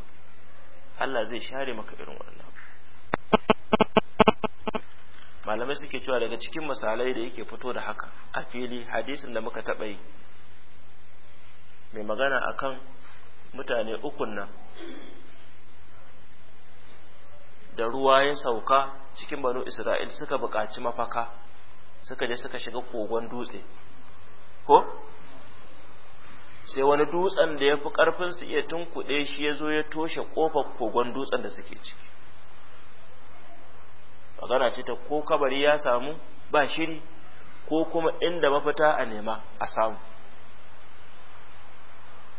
Allah zai share maka irin wannan malamai suke cewa daga cikin misalai da yake fito da haka a fili hadisin da muka taɓa yi mai magana akan mutane ukun nan da ruwa ya sauka cikin banu isra'il suka buƙaci mafaka suka je suka shiga kogon dutse ko sai wani dutsen da ya fi ƙarfin su iya tunkuɗe shi ya zo ya toshe kofar kogon dutsen da suke ciki magana ce ta ko kabari ya samu ba shiri ko kuma inda mafita a nema a samu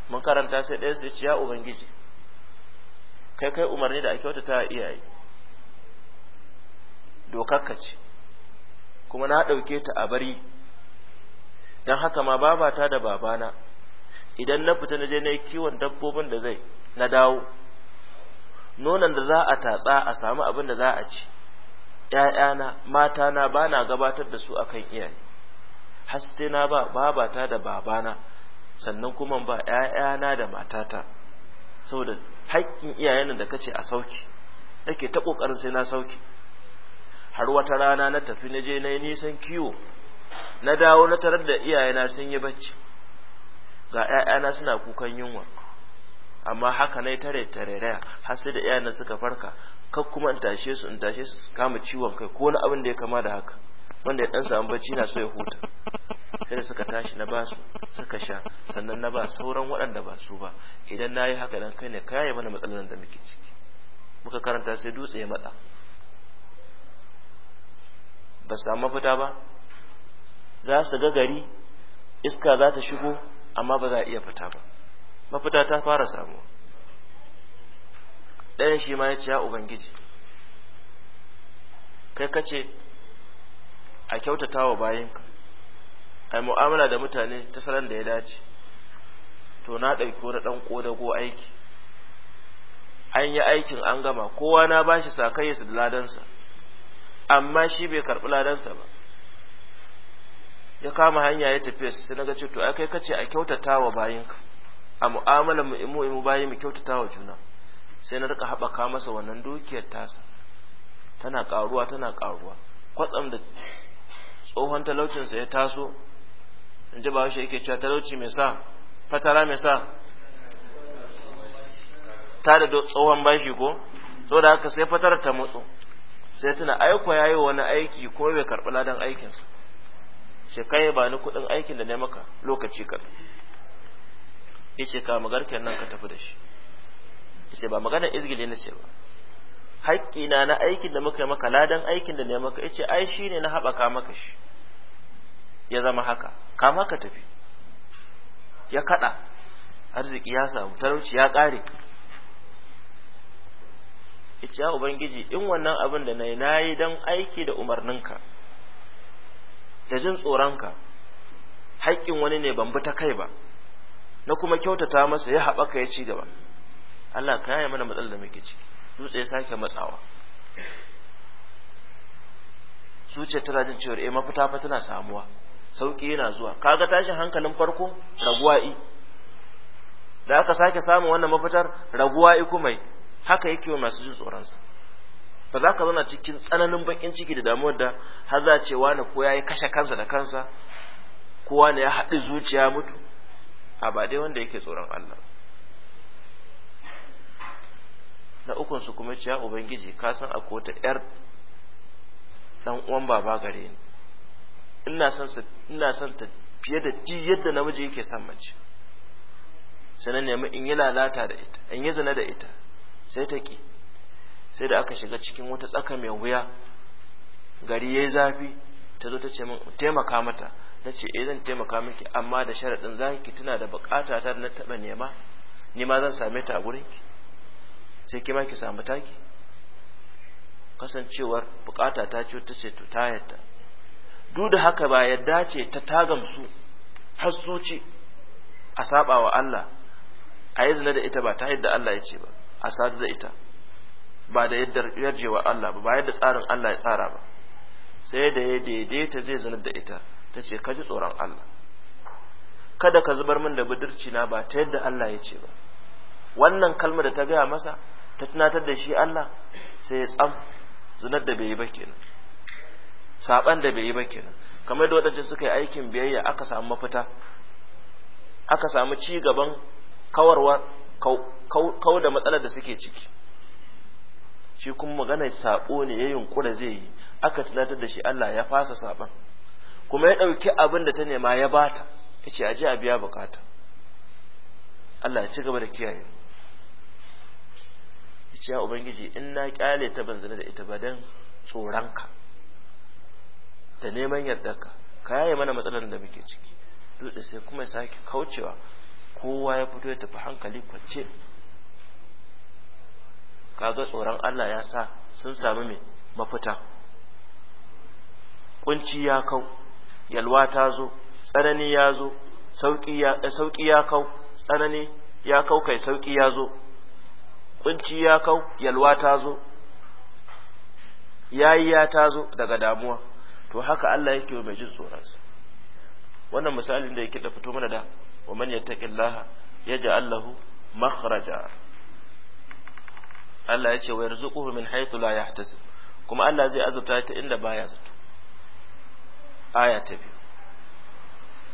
mun karanta sai ɗaya su ya ubangiji kai kai umarni da a kyautata iyaye dokar ka ce kuma na ɗauke ta a bari don haka ma babata da babana idan na fita na je na yi kiwon dabbobin da zai na dawo nonon da za a tatsa a samu abin da za a ci ‘ya'yana matana ba na gabatar da su akan kan iyaye har sai na ba babata da babana sannan kuma ba ‘ya'yana da matata saboda haƙƙin iyayen da kace a sauki nake ta ƙoƙarin sai na sauki har wata rana na tafi na je na yi nisan kiwo na dawo na tarar da iyayena sun yi bacci ga ‘ya'yana suna kukan yunwa amma haka na yi tare tare har sai da iyayena suka farka kar kuma in tashe su in tashe su kama ciwon kai ko wani abin da ya kama da haka wanda ya dan samu bacci na so ya huta sai da suka tashi na ba su suka sha sannan na ba sauran waɗanda ba su ba idan na yi haka dan kai ne kayaye mana matsalar da muke ciki muka karanta sai dutse ya matsa ba su samu mafita ba za su ga gari iska za ta shigo amma ba za a iya fita ba mafita ta fara samu ɗayan shi ma ya ce ya ubangiji kai kace a kyautata wa bayanka a mu'amala da mutane ta salon da ya dace to na ɗauki wani ɗan ƙodago aiki an yi aikin an gama kowa na bashi kai su da ladansa amma shi bai karɓi ladansa ba ya kama hanya ya tafi sai naga ce to ai kai kace a kyautata wa bayinka a mu'amalar mu imu imu bayi mu kyautata wa juna sai na rika haɓaka masa wannan dukiyar tasa tana ƙaruwa tana ƙaruwa kwatsam da tsohon talaucinsa ya taso in ji bahaushe yake cewa talauci mai sa fatara mai sa ta da tsohon bashi ko saboda haka sai fatara ta mutu. sai tuna aiko ya yi wani aiki ko bai karɓi ladan aikinsa shi kai ba ni kuɗin aikin da ne maka lokaci yi yace ka magarken nan ka tafi da shi yace ba magana izgili na ce ba haƙƙina na aikin da muka yi maka ladan aikin da ne maka yace ai shine na haɓaka maka shi ya zama haka ka ka tafi ya kaɗa arziki ya samu talauci ya ƙare yace ya ubangiji in wannan abin da nayi nayi dan aiki da umarninka da jin tsoronka haƙƙin wani ne ban bi ta kai ba na kuma kyautata masa ya haɓaka ya ci gaba Allah ka yaya mana matsalar da muke ciki dutse ya sake matsawa zuciya tana jin cewa eh mafita fa tana samuwa sauki yana zuwa kaga tashin hankalin farko raguwa i da aka sake samun wannan mafitar raguwa i kuma haka yake wa masu jin tsoronsa ba za ka zauna cikin tsananin bakin ciki da damuwar da har za ce wani ko ya yi kashe kansa da kansa ko wani ya haɗi zuciya mutu a ba dai wanda yake tsoron Allah na ukun su kuma ce ubangiji ka san a kota yar dan uwan baba gare ni ina sa ina son ta fiye da ti yadda namiji yake san mace sanan nemi in yi lalata da ita in yi zina da ita sai ta ƙi sai da aka shiga cikin wata tsaka mai wuya gari ya yi zafi ta zo ta ce min taimaka mata na ce eh zan taimaka miki amma da sharaɗin za ki tuna da buƙata ta na taɓa nema ni ma zan same ta a gurinki sai ki ma ki samu taki kasancewar buƙata ta ce ta ce to ta yadda duk da haka ba yadda ce ta tagamsu hassuci a saɓawa Allah a yi zina da ita ba ta yadda Allah ya ce ba a sadu da ita ba da yadda yarjewa Allah ba yadda tsarin Allah ya tsara ba sai da ya daidaita zai zanar da ita ta ce ka ji tsoron Allah kada ka zubar min da budurci na ba ta yadda Allah ya ce ba wannan kalmar da ta gaya masa ta tunatar da shi Allah sai ya tsam zunar da bai yi ba kenan saban da bai yi ba kenan kamar da waɗanda suka yi aikin biyayya aka samu mafita aka samu ci gaban kawarwa kau da matsalar da suke ciki shi kuma maganar sabo ne ya yunkura zai yi aka tunatar da shi Allah ya fasa saban kuma ya ɗauki abin da ta nema ya bata ya ce aje a biya bukata Allah ya ci gaba da kiyaye ya ce ya ubangiji in na kyale ta banzana da ita ba don tsoronka da neman yardarka ka yaye mana matsalar da muke ciki dutse sai kuma ya sake kaucewa kowa ya fito ya tafi hankali kwance kaga tsoron Allah ya sa sun samu mai mafita kunci ya kau yalwa ta zo tsanani ya zo eh, sauƙi ya kau tsanani ya kau kai sauƙi ya zo kunci ya kau yalwa ta zo yayi ya ta zo daga damuwa to haka Allah yake mai jin tsoronsa wannan misalin da yake da fito mana da wa man yattaqillaha yaj'al lahu makhraja Allah ya ce wa yarzuquhu min haythu la yahtasib kuma Allah zai azurta ta inda baya zato aya ta biyu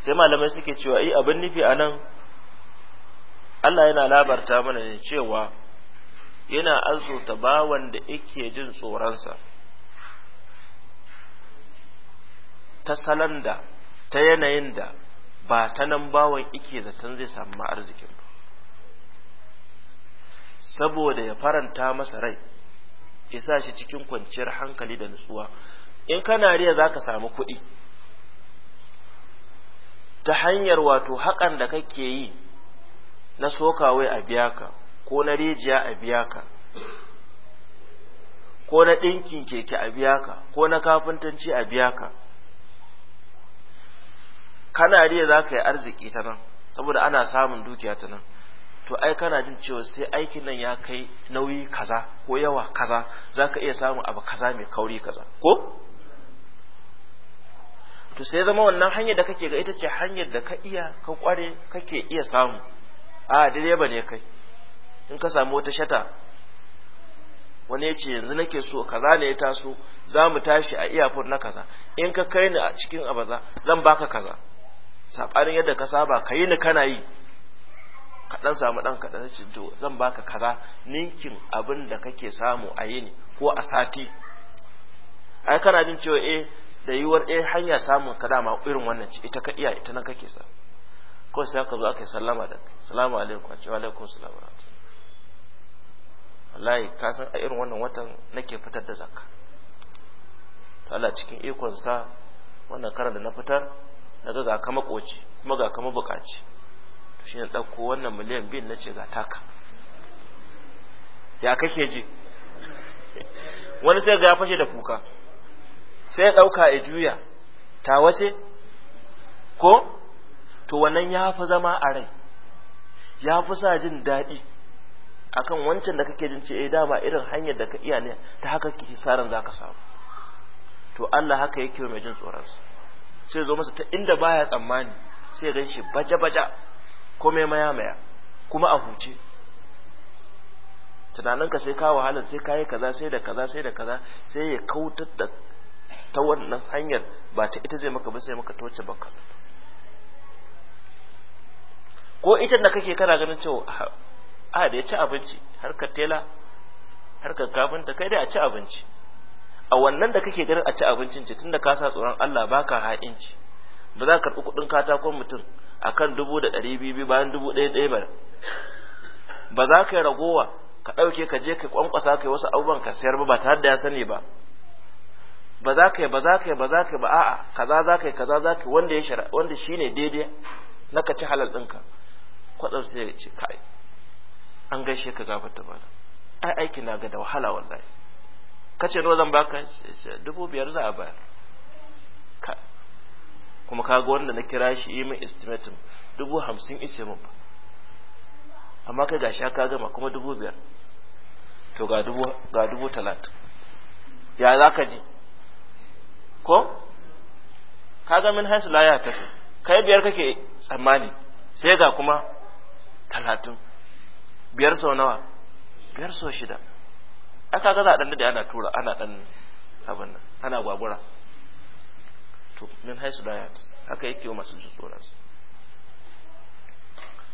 sai malamai suke cewa eh abin nufi anan Allah yana labarta mana ne cewa yana azurta bawan da yake jin tsoronsa ta salanda ta yanayin da ba ta nan bawan ike zaton zai samu ma'arzikin ba saboda ya faranta masa rai ya sa shi cikin kwanciyar hankali da nutsuwa in kana riya za ka samu kuɗi ta hanyar wato haƙan da kake yi na sokawai a biya ka ko na rijiya a biya ka ko na ɗinkin keke a biya ka ko na kafintanci a biya ka kana riya za ka yi arziki ta nan saboda ana samun dukiya ta nan to ai kana jin cewa sai aikin nan ya kai nauyi kaza ko yawa kaza za ka iya samun abu kaza mai kauri kaza ko to sai zama wannan hanyar da kake ga ita ce hanyar da ka iya ka kware kake iya samu a direba ne kai in ka samu wata shata wani ya ce yanzu nake so kaza ne ya taso za mu tashi a iyafur na kaza in ka kai ni a cikin abaza zan baka kaza saɓanin yadda ka saba ka yi ni kana yi ka ɗan samu ɗan ɗan ce to zan baka kaza ninkin abin da kake samu a yini ko a sati ai kana jin cewa eh da yiwuwar eh hanya samun ka dama irin wannan ce ita ka iya ita nan kake sa. ko sai ka zo aka yi sallama da kai salamu alaikum a cewa alaikum salamu wallahi ka san a irin wannan watan nake fitar da zakka to Allah cikin ikon sa wannan karar da na fitar Na ga kama koci kuma ga kama bukaci to shi ne ɗauko wannan miliyan biyu na ce ga taka ya kake ji [LAUGHS] wani sai ga ya fashe da kuka sai ya ɗauka ya juya ta wace ko to wannan ya fi zama a rai ya fi sa jin daɗi akan wancan da kake jin ce eh dama irin hanyar da ka iya ne ta haka kike za zaka samu to Allah haka yake mai jin tsoronsa sai zo masa ta inda baya tsammani sai gan shi baja-baja mai maya-maya kuma a huce tunaninka sai ka wahala sai ka yi kaza sai da kaza sai da kaza sai ya kautar da ta wannan hanyar ba ta ita zai maka ba sai maka toce ba kasa ko ita da kake kana ganin cewa a da ya ci abinci harkar tela harkar kafinta kai dai a ci abinci a wannan da kake ganin a ci abincin ce tunda ka sa tsoron Allah baka ha'inci ba za ka karɓi kuɗin katakon mutum akan dubu da ɗari biyu bayan dubu ɗaya ɗaya ba ba za ka yi ragowa ka ɗauke ka je ka kwankwasa ka yi wasu abubuwan ka sayar ba ba tare da ya sani ba ba za ka yi ba za ka yi ba za ka yi ba a'a kaza za ka yi kaza za ka yi wanda ya shara wanda shine daidai na ka ci halal ɗinka kwatsam sai ya ce kai an gaishe ka gafarta ba ai aiki na ga da wahala wallahi Ka ce zan baka dubu biyar za a bayar kuma kaga wanda na kira shi yi min estimatin dubu hamsin ice min amma kai gashi ka gama kuma dubu biyar to ga dubu talatin ya za ka ji ko kaga min haisu laya ta su kai biyar kake tsammani sai ga kuma talatin biyar sau nawa biyar sau shida aka ga za dan da ana tura ana dan abin nan ana gwagura to min haisu da haka yake wa masu tsoron su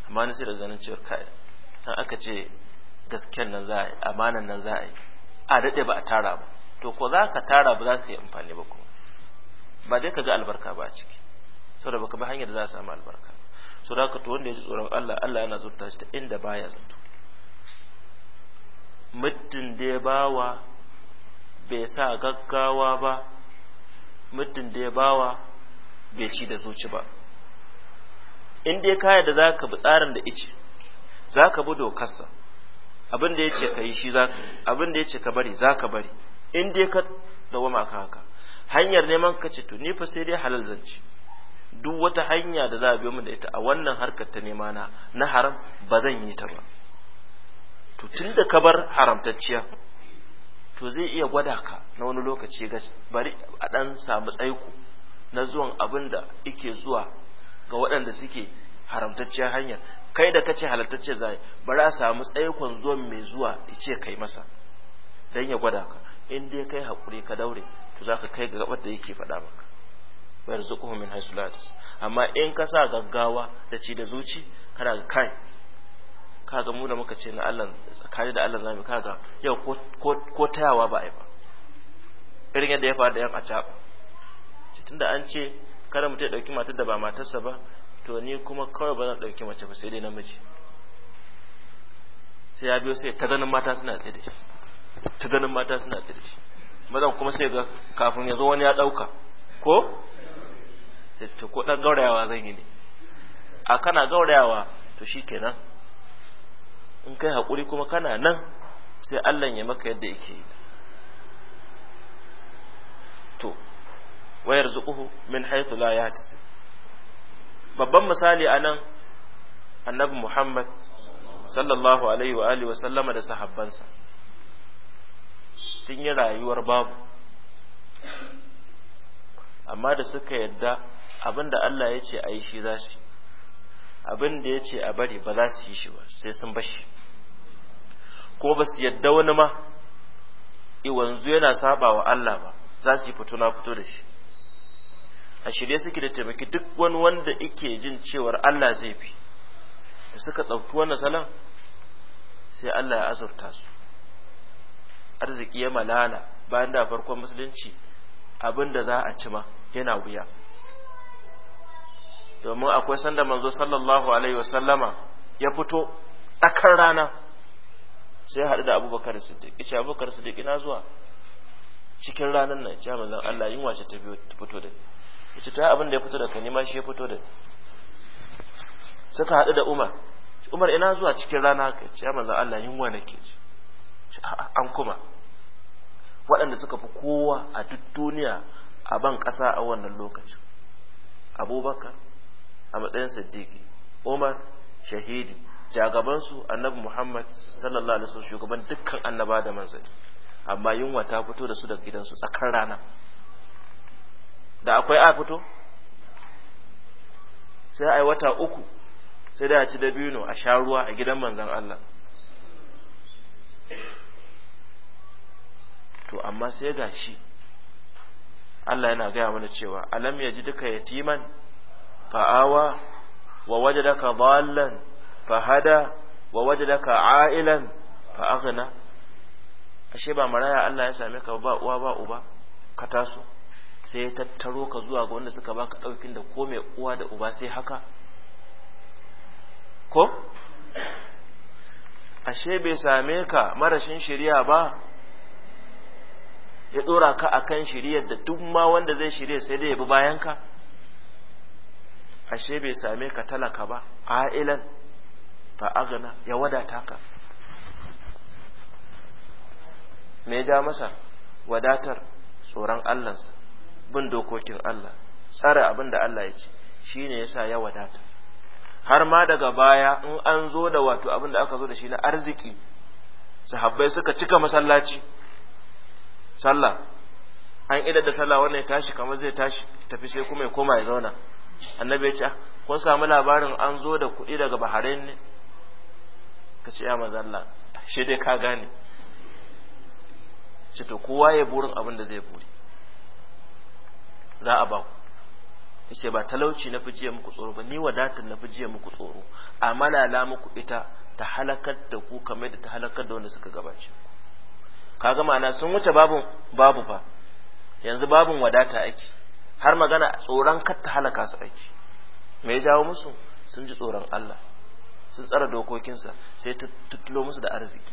amma ni sai da ganin cewa kai dan aka ce gasken nan za a yi amanan nan za a yi a daɗe ba a tara ba to ko za ka tara ba za ka yi amfani ba kuma ba dai ka ga albarka ba a ciki saboda baka bi hanyar da za a samu albarka saboda haka to wanda ya ji tsoron Allah Allah yana zurta shi ta inda baya zato muddin da bawa bai sa gaggawa ba muddin da bawa bai ci da zuci ba in dai kaya da zaka bi tsarin da ice zaka bi dokarsa abin da yace ka yi shi zaka abin da yace ka bari zaka bari in dai ka dawama ka haka hanyar neman ka ce to ni fa sai dai halal zance duk wata hanya da za a biyo mu da ita a wannan harkar ta nema na na haram ba zan yi ta ba to tun da ka bar haramtacciya to zai iya gwada ka na wani lokaci ga bari a ɗan samu tsaiku na zuwan abin da yake zuwa ga waɗanda suke haramtacciyar hanyar kai da kace halattacce zai bari a samu tsaikon zuwan mai zuwa ice kai masa dan ya gwada ka in dai kai hakuri ka daure to zaka kai ga gabar da yake faɗa maka wa yarzuquhu min haythu la amma in ka sa gaggawa da ci da zuci kana kai kaga mu da muka ce na Allah tsakani da Allah zamu kaga yau ko ko tayawa ba ai ba irin yadda ya faru da yan acaba tunda an ce kada mutum ya dauki matar da ba matarsa ba to ni kuma kawai ba zan dauki mace ba sai dai namiji sai ya biyo sai ta ganin mata suna tsaye da shi ta ganin mata suna tsaye da shi mazan kuma sai ga kafin ya zo wani ya dauka ko ko dan gaurayawa zan yi ne a kana gaurayawa to shikenan in kai hakuri kuma kana nan sai Allah ya maka yadda yake yi to wayar zuƙuhu min haithu la ya babban misali anan, annabi muhammad sallallahu alaihi wa alihi sallama da sahabbansa sun yi rayuwar babu amma da suka yadda abinda Allah ya ce a yi shi za su abin da ya ce a bari ba za su yi shi ba sai sun bashi ko ba su yadda wani ma wanzu yana saba wa Allah ba za su yi fito na fito da shi a shirye suke da taimaki duk wani wanda ike jin cewar Allah zai fi da suka tsauki wannan salon sai Allah ya azurta su arziki ya malala bayan da farkon musulunci abin da za a cima yana wuya domin akwai sanda manzo sallallahu alaihi wasallama ya fito tsakar rana sai haɗu da abubakar siddiq ce abubakar siddiq ina zuwa cikin ranar nan ya manzon Allah yin wace ta fito da yace to abin da ya fito da ni ma shi ya fito da suka haɗu da Umar Umar ina zuwa cikin rana ka ce ya manzon Allah yin wa ke? ce an kuma waɗanda suka fi kowa a duk duniya a ban ƙasa a wannan lokacin Abubakar a matsayin siddiqi umar shahidi jagabansu annabi muhammad sallallahu alaihi wasallam shugaban dukkan annaba da manzanni amma yunwa ta fito da su daga gidansu tsakar rana da akwai a fito sai a wata uku sai da a ci dabino a sha ruwa a gidan manzan Allah to amma sai gashi. Allah yana gaya mana cewa alam ya ji duka yatiman fa'awa wa wajadaka dallan fahada wa wajadaka ashe ba maraya Allah ya same ka ba uwa ba uba ka taso sai ya tattaro ka zuwa ga wanda suka baka daukin da ko mai uwa da uba sai haka ko ashe bai same ka marashin shari'a ba ya dora ka akan shari'ar da duk ma wanda zai shirye sai dai ya bi bayan ka ashe bai same ka talaka ba ailan fa agana ya wadata ka me ja masa wadatar tsoron Allahnsa bin dokokin Allah tsara abin da Allah ya ce shine yasa ya wadata har ma daga baya in an zo da wato abin da aka zo da shi na arziki sahabbai suka cika masallaci sallah an idar da sallah wannan ya tashi kamar zai tashi tafi sai kuma ya koma ya zauna annabi ya ce ah, kun samu labarin an zo da kuɗi daga baharin ne ka ce ya mazalla shi dai ka gane ce to kowa ya burin abin da zai buri za a ba ku ce ba talauci na fi jiya muku tsoro ba ni wadatar na fi jiya muku tsoro a malala muku ita ta halakar da ku kamar da ta halakar da wanda suka gabace ka gama na sun wuce babu babu fa yanzu babun wadata ake har magana tsoron kar ta halaka su aiki me ya jawo musu sun ji tsoron Allah sun tsara dokokinsa sai ta tuttulo musu da arziki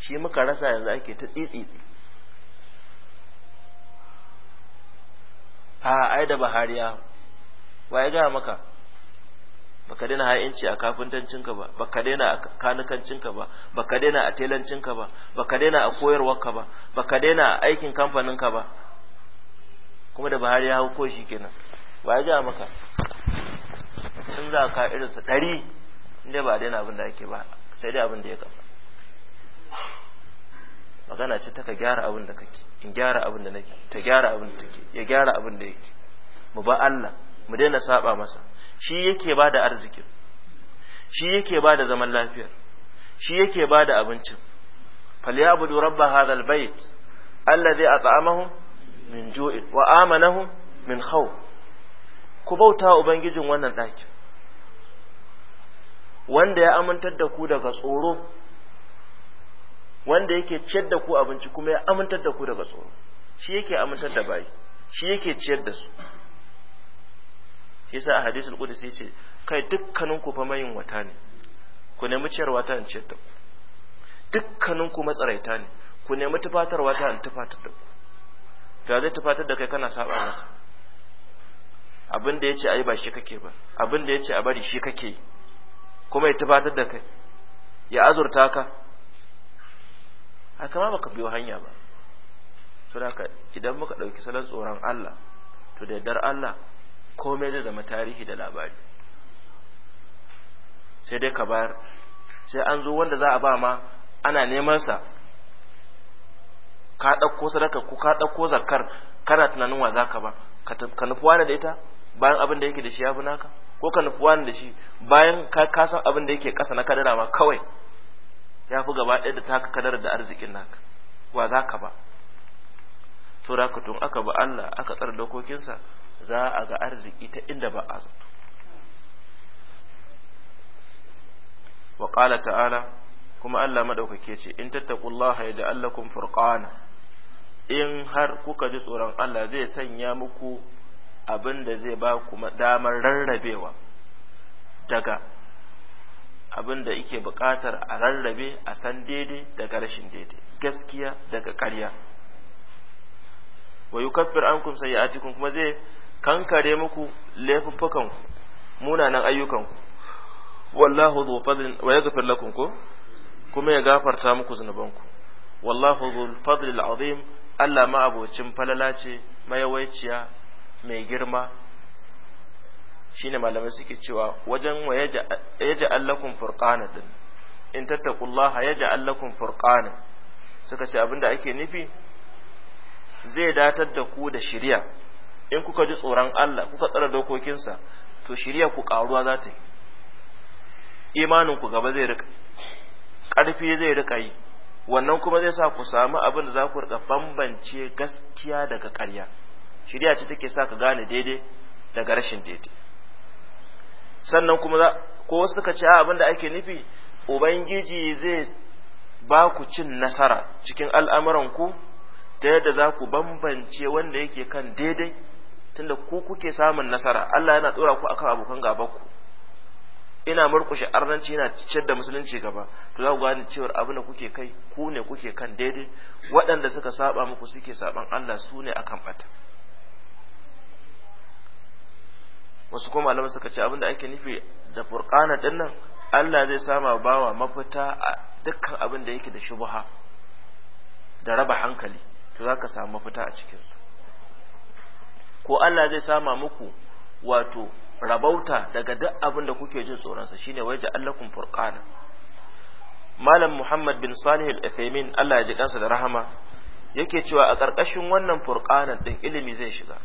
shi muka rasa yanzu ake ta tsitsitsi a ai da bahariya ya gaya maka baka daina ha'inci a kafintancinka ba baka daina a kanukancinka ba baka daina a telancinka ba baka daina a koyarwarka ba baka daina a aikin kamfaninka ba kuma da buhari ya hau ko shi kenan wa ya ja maka sun za ka irin su ɗari inda ba daina abin da ake ba sai dai abin da ya kafa magana ce ta ka gyara abin da kake in gyara abin da nake ta gyara abin da take ya gyara abin da yake mu ba Allah mu daina saba masa shi yake ba da arzikin shi yake ba da zaman lafiyar shi yake ba da abincin falyabudu rabba hadha albayt alladhi at'amahum min ju'in wa amanahu min khawf ku bauta ubangijin wannan ɗakin wanda ya amintar da ku daga tsoro wanda yake ciyar da ku abinci kuma ya amintar da ku daga tsoro shi yake amintar da bayi shi yake ciyar da su yasa a hadisul qudsi yace kai dukkanin ku fa mayin wata ne ku nemi ciyarwa ta in ciyar da ku dukkanin ku matsaraita ne ku nemi tufatarwa ta in tufatar da ku ta zai tufatar da kai kana saba masa abin da ya ce a yi ba shi kake ba abin da ya ce a bari shi kake kuma ya tufatar da kai ya azurta ka a kama baka biyo hanya ba haka idan muka ɗauki salon tsoron Allah to da yardar Allah komai zai zama tarihi da labari sai dai ka bayar sai an zo wanda za a ba ma ana neman sa ka ɗauko sadaka ko ka ɗauko zakar kana tunanin wa zaka ba ka nufi wani da ita bayan abin da yake da shi ya fi naka ko ka nufi wani da shi bayan ka san abin da yake ƙasa na kadara ma kawai ya fi gaba ɗaya da taka kadarar da arzikin naka wa zaka ba to da tun aka ba Allah aka tsara dokokinsa za a ga arziki ta inda ba a zato wa ta'ala kuma Allah madaukake ce in tattaqullaha yaj'al lakum furqana in har kuka ji tsoron Allah zai sanya muku abin da zai ba ku damar rarrabewa daga abin da yake buƙatar a rarrabe a san daidai daga rashin daidai gaskiya daga ƙarya wa yukaffir ankum sayyi'atikum kuma zai kankare muku laifuffukan munanan ayyukan wallahu dhu fadlin wa yaghfir lakum ko kuma ya gafarta muku zunubanku wallahu dhul fadlil azim Allah ma abocin falala ce mayawaiciya mai girma shine malamai suke cewa wajen wa yaja allakum furqana din in tattaqullaha yaja allakum furqana suka ce abinda ake nufi zai datar da ku da shiriya in kuka ji tsoron Allah kuka tsara dokokinsa to shiriya ku karuwa za ta yi imanin ku gaba zai rika ƙarfi zai riƙa yi wannan kuma zai sa ku samu abin da za ku riƙa bambance gaskiya daga ƙarya shirya ce take sa ka gane daidai daga rashin daidai sannan kuma za ko wasu suka ce abin da ake nufi ubangiji zai ba ku cin nasara cikin al'amuran ku ta yadda za ku bambance wanda yake kan daidai tunda ku kuke samun nasara Allah yana ɗora ku akan abokan gaba ku ina murƙushe arnanci yana ciccar da musulunci gaba to za ku gane cewar abin da kuke kai ku ne kuke kan daidai waɗanda suka saba muku suke saban Allah su ne akan bata wasu kuma malaman suka ce abin da ake nufi da furqana din Allah zai sama bawa mafita a dukkan abin da yake da shubha da raba hankali to za ka samu mafita a cikinsa ko Allah zai sama muku wato rabauta daga duk abin da kuke jin tsoronsa shine wai ja'allakum furqana malam muhammad bin salih al athaymin Allah ya ji kansa da rahama yake cewa a ƙarƙashin wannan furqanan din ilimi zai shiga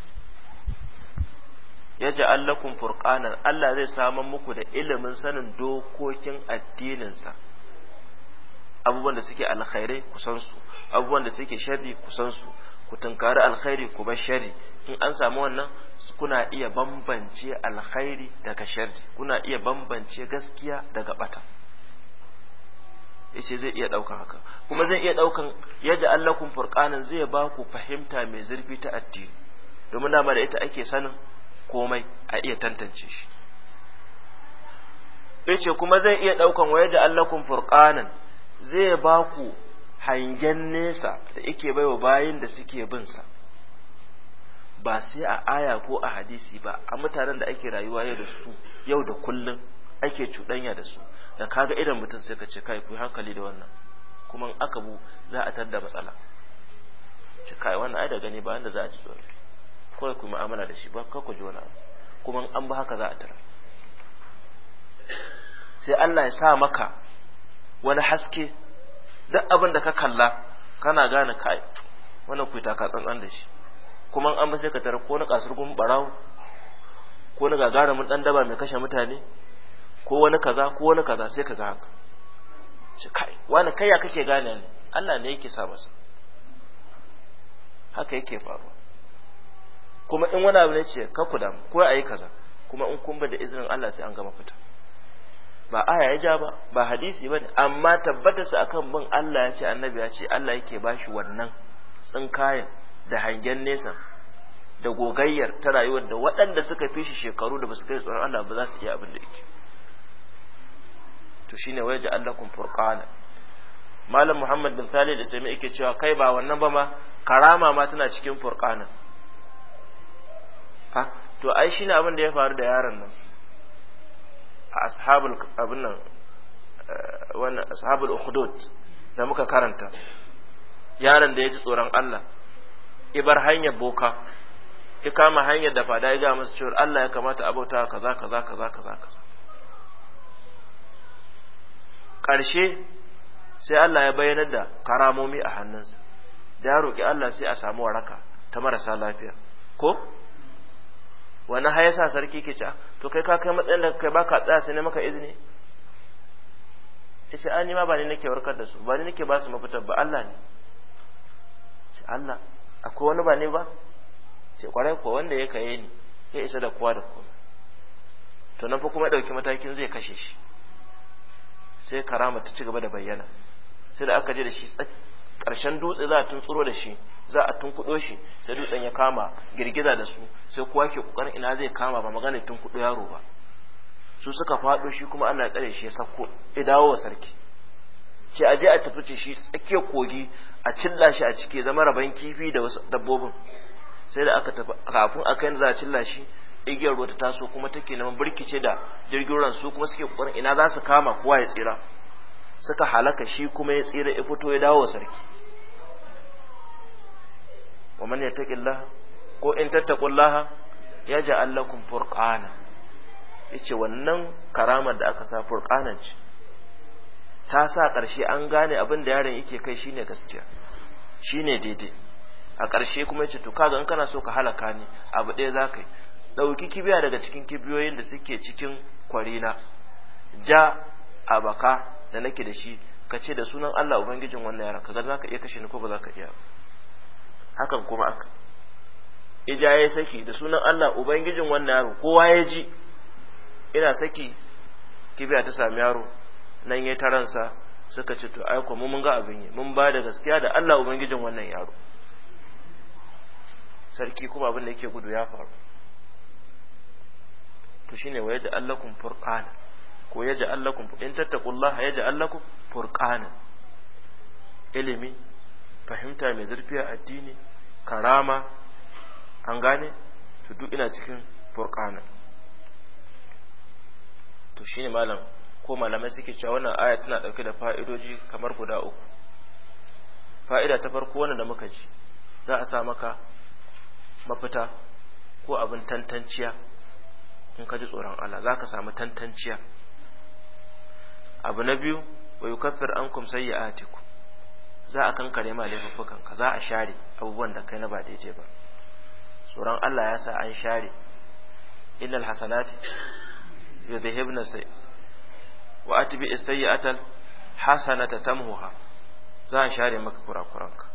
ya ja'allakum furqanan Allah zai saman muku da ilimin sanin dokokin addininsa abubuwan da suke alkhairai ku san su abubuwan da suke sharri ku san su ku tunkari alkhairi ku bar sharri in an samu wannan kuna iya bambance alkhairi daga sharri kuna iya bambance gaskiya daga bata yace zai iya ɗaukan haka kuma zai iya ɗaukan yadda allakun furqanin zai ba ku fahimta mai zurfi ta addini domin dama da ita ake sanin komai a iya tantance shi yace kuma zai iya ɗaukan waye da allakun furqanin zai ba ku hangen nesa da yake baiwa bayin da suke bin sa ba sai a aya ko a hadisi ba a mutanen da ake rayuwa yau da su yau da kullum ake cuɗanya da su da kaga idan mutum sai ka ce kai ku hankali da wannan kuma in aka bu za a tar matsala ce kai wannan ai da gani ba wanda za a ci tsoro kawai ku mu'amala da shi ba ka ku ji wani abu kuma an ba haka za a tara sai Allah ya sa maka wani haske duk abin da ka kalla kana gane kai wannan ku ta ka tsantsan da shi kuma an ba sai ka tara ko na kasar gun barawo ko na gagarumin dan daba mai kashe mutane ko wani kaza ko wani kaza sai ka ga haka shi kai wani kai ya kake gane ne Allah ne yake sa masa haka yake faruwa kuma in wani abu ne ce ka ku damu ko ayi kaza kuma in kun da izinin Allah sai an gama fita ba aya ya ja ba ba hadisi bane amma tabbata su akan bin Allah ya ce annabi ya ce Allah yake bashi wannan tsinkayen da hangen nesa da gogayyar ta rayuwar da waɗanda suka fi shi shekaru da basu kai tsoron Allah ba za su iya abin da yake to shine Allah kun furqana malam muhammad bin salih da sai yake cewa kai ba wannan ba ma karama ma tana cikin furqana ha to ai shine abin da ya faru da yaron nan a ashabul abin nan eh, wannan ashabul ukhdud da muka karanta yaron da ya ji tsoron Allah ibar hanyar boka ya kama hanyar da fada ya ga masu cewar Allah ya kamata a bauta kaza kaza kaza kaza kaza ƙarshe sai Allah ya bayyanar da karamomi a hannunsa da ya roƙi Allah sai a samu waraka ta marasa lafiya ko wani haya sa sarki ke ci to kai ka kai matsayin da kai baka tsaya sai ne maka izini yace an ma ba ni nake warkar da su ba ni nake ba su mafitar ba Allah ne Allah akwai wani ba ne ba sai kwarai ko wanda ya kaye ni ya isa da kowa da kowa to nan fa kuma ya dauki matakin zai kashe shi sai karama ta ci gaba da bayyana sai da aka je da shi karshen dutse za a tuntsuro da shi za a tunkudo shi sai dutsen ya kama girgiza da su sai kowa ke kokarin ina zai kama ba magana tunkudo yaro ba su suka faɗo shi kuma ana tsare shi ya sako ya dawo wa sarki ce aje a tafi ce shi tsakiyar kogi a cilla shi a cike zama raban kifi da wasu dabbobin sai da aka tafi kafin a kai za a cilla shi igiyar ruwa ta taso kuma take neman birkice da jirgin ruwan su kuma suke kokarin ina za su kama kowa ya tsira suka halaka shi kuma ya tsira ya fito ya dawo sarki wa man yattaqillaha ko in tattaqullaha yaj'al lakum furqana yace wannan karamar da aka sa furqanan ce ta sa ƙarshe an gane abin da yaron yake kai shine gaskiya shine daidai a ƙarshe kuma yace to kaga in kana so ka halaka ni abu ɗaya za ka yi ɗauki kibiya daga cikin kibiyoyin da suke cikin kwarina ja a baka da nake da shi ka ce da sunan Allah ubangijin wannan yaron kaga za ka iya kashe ni ko ba za ka iya hakan kuma aka ija ya saki da sunan Allah ubangijin wannan yaro kowa ya ji ina saki kibiya ta sami yaro nan ya taransa suka ce to aiko mu mun ga abin yi mun ba da gaskiya da Allah ubangijin wannan yaro sarki kuma abin da yake gudu ya faru to shine da Allah kun furqan ko yaji kun in tattaqullaha yaji kun furqanan ilimi fahimta mai zurfi a addini karama an gane to duk ina cikin furqanan to shine malam ko malamai suke cewa wannan aya tana ɗauke da fa'idoji kamar guda uku fa'ida ta farko wannan da muka ji za a sa maka mafita ko abin tantanciya in ka ji tsoron Allah za ka samu tantanciya abu na biyu wa yukaffir ankum sayyi'atikum za a kankare ma laifuffukan za a share abubuwan da kai na ba daidai ba tsoron Allah ya sa an share innal hasanati yudhibna wa atbi sayyi'atan hasanata tamhuha za a share maka kurakuranka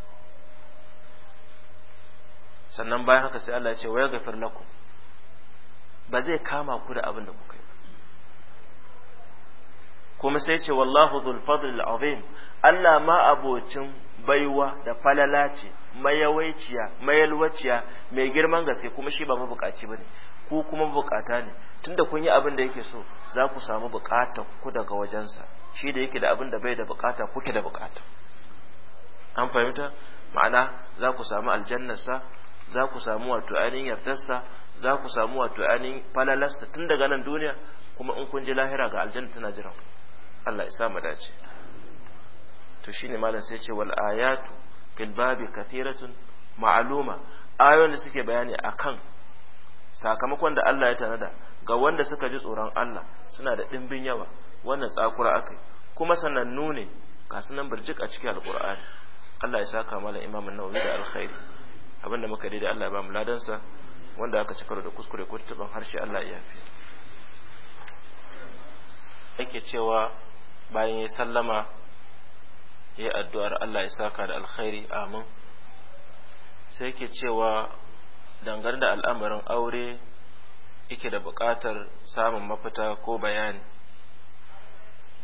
sannan bayan haka sai Allah ya ce wa gafir lakum ba zai kama ku da abin da kuka yi kuma sai ce wallahu dhul fadl azim Allah ma abocin baiwa da falala mayawaiciya mayalwaciya mai girman gaske kuma shi ba mabukaci bane ku kuma bukata ne tunda kun yi abin da yake so za ku samu bukata ku daga wajensa shi da yake da abin da bai da bukata kuke da bukata an fahimta ma'ana za ku samu aljannarsa za ku samu wato ainihin yardarsa za ku samu wato ainihin falalasta tun daga nan duniya kuma in kun ji lahira ga aljanna tana jiran Allah ya sa mu dace to shine malam sai ce wal ayatu fil babi kathiratun ma'luma ayoyin da suke bayani akan sakamakon da Allah ya tanada ga wanda suka ji tsoron Allah suna da ɗimbin yawa wannan tsakura akai kuma sanannu ne ga sunan birjik a cikin alqur'ani Allah ya saka mala an nawawi da alkhairi abinda muka da Allah ya ba mu ladansa wanda aka cikar da kuskure ko tuban harshe Allah ya yafi ake cewa bayan ya sallama ya addu'ar Allah ya saka da alkhairi amin sai yake cewa dangane da al'amarin aure yake da buƙatar samun mafita ko bayani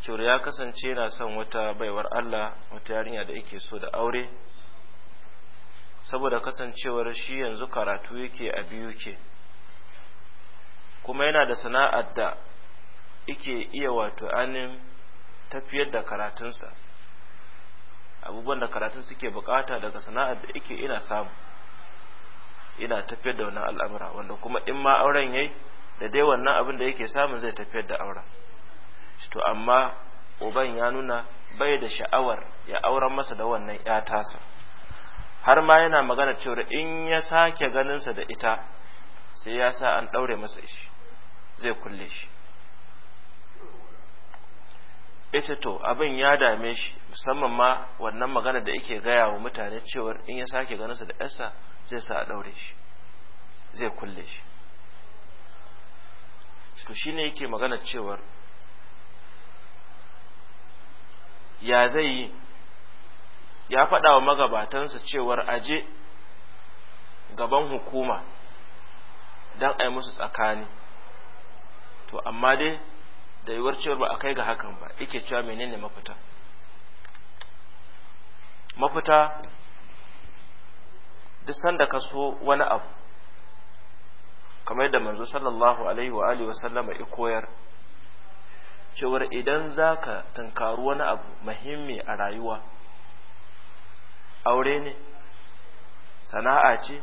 cewar ya kasance yana son wata baiwar Allah wata yarinya da yake so da aure saboda kasancewar shi yanzu karatu yake a biyu ke kuma yana da sana'ar da yake iya wato anin tafiyar da karatunsa abubuwan da karatun suke bukata daga sana'ar da yake ina samu ina tafiyar da wannan al'amura wanda kuma in ma auren yayi da dai wannan abin da yake samu zai tafiyar da auren to amma uban ya nuna bai da sha'awar ya auren masa da wannan ya tasa har ma yana magana cewa in ya sake ganin sa da ita sai ya sa an ɗaure masa shi zai kulle shi ita to abin ya dame shi musamman ma wannan magana da yake gaya wa mutane cewar in ya sake ganinsa da yarsa zai sa a ɗaure shi zai kulle shi to shi ne yake magana cewar ya zai yi ya faɗa wa magabatansa cewar aje gaban hukuma don a yi musu tsakani to amma dai da yiwuwar cewar ba a kai ga hakan ba yake cewa menene mafita mafita duk sanda ka so wani abu kamar yadda manzo sallallahu alaihi wa alihi wa sallama ya koyar cewar idan zaka tunkaru wani abu muhimmi a rayuwa aure ne sana'a ce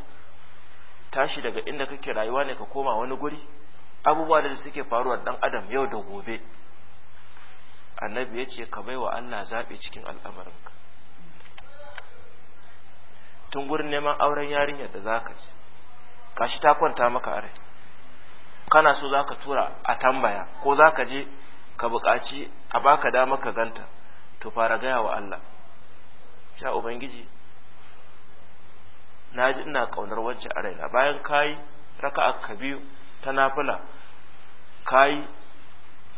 tashi daga inda kake rayuwa ne ka koma wani guri abubuwa da suke faruwa dan adam yau da gobe annabi ya ce ka baiwa Allah zaɓi cikin al'amarinka tun gurin neman auren yarinyar da za ka ci kashi ta kwanta maka a kana so za ka tura a tambaya ko za ka je ka buƙaci a baka dama ka ganta to fara gaya wa Allah sha ubangiji na ji ina ƙaunar wancan a raina bayan kayi raka'a ka biyu ta nafila kai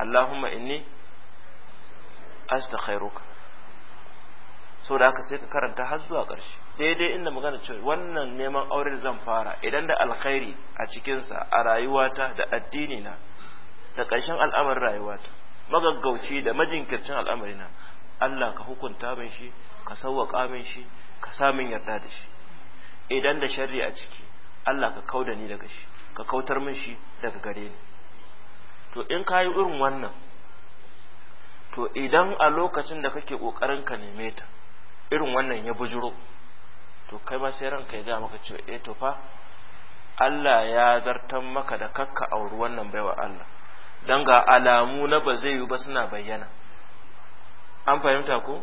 Allahumma inni astaghfiruka so da haka sai ka karanta har zuwa ƙarshe daidai inda magana cewa wannan neman aure zan fara idan da alkhairi a cikinsa a rayuwata da addini na da ƙarshen al'amarin rayuwata magaggauci da majinkircin al'amarina Allah ka hukunta min shi ka sauwaƙa min shi ka sa min yarda da shi idan da sharri a ciki Allah ka kauda ni daga shi ka kautar min shi daga gare ni to in ka yi irin wannan to idan a lokacin da kake ƙoƙarin ka neme ta irin wannan ya bujuro to kai ma sai ranka ya ga maka cewa eh to fa Allah ya zartan maka da kakka auri wannan baiwa Allah don ga alamu na ba zai yi ba suna bayyana an fahimta ko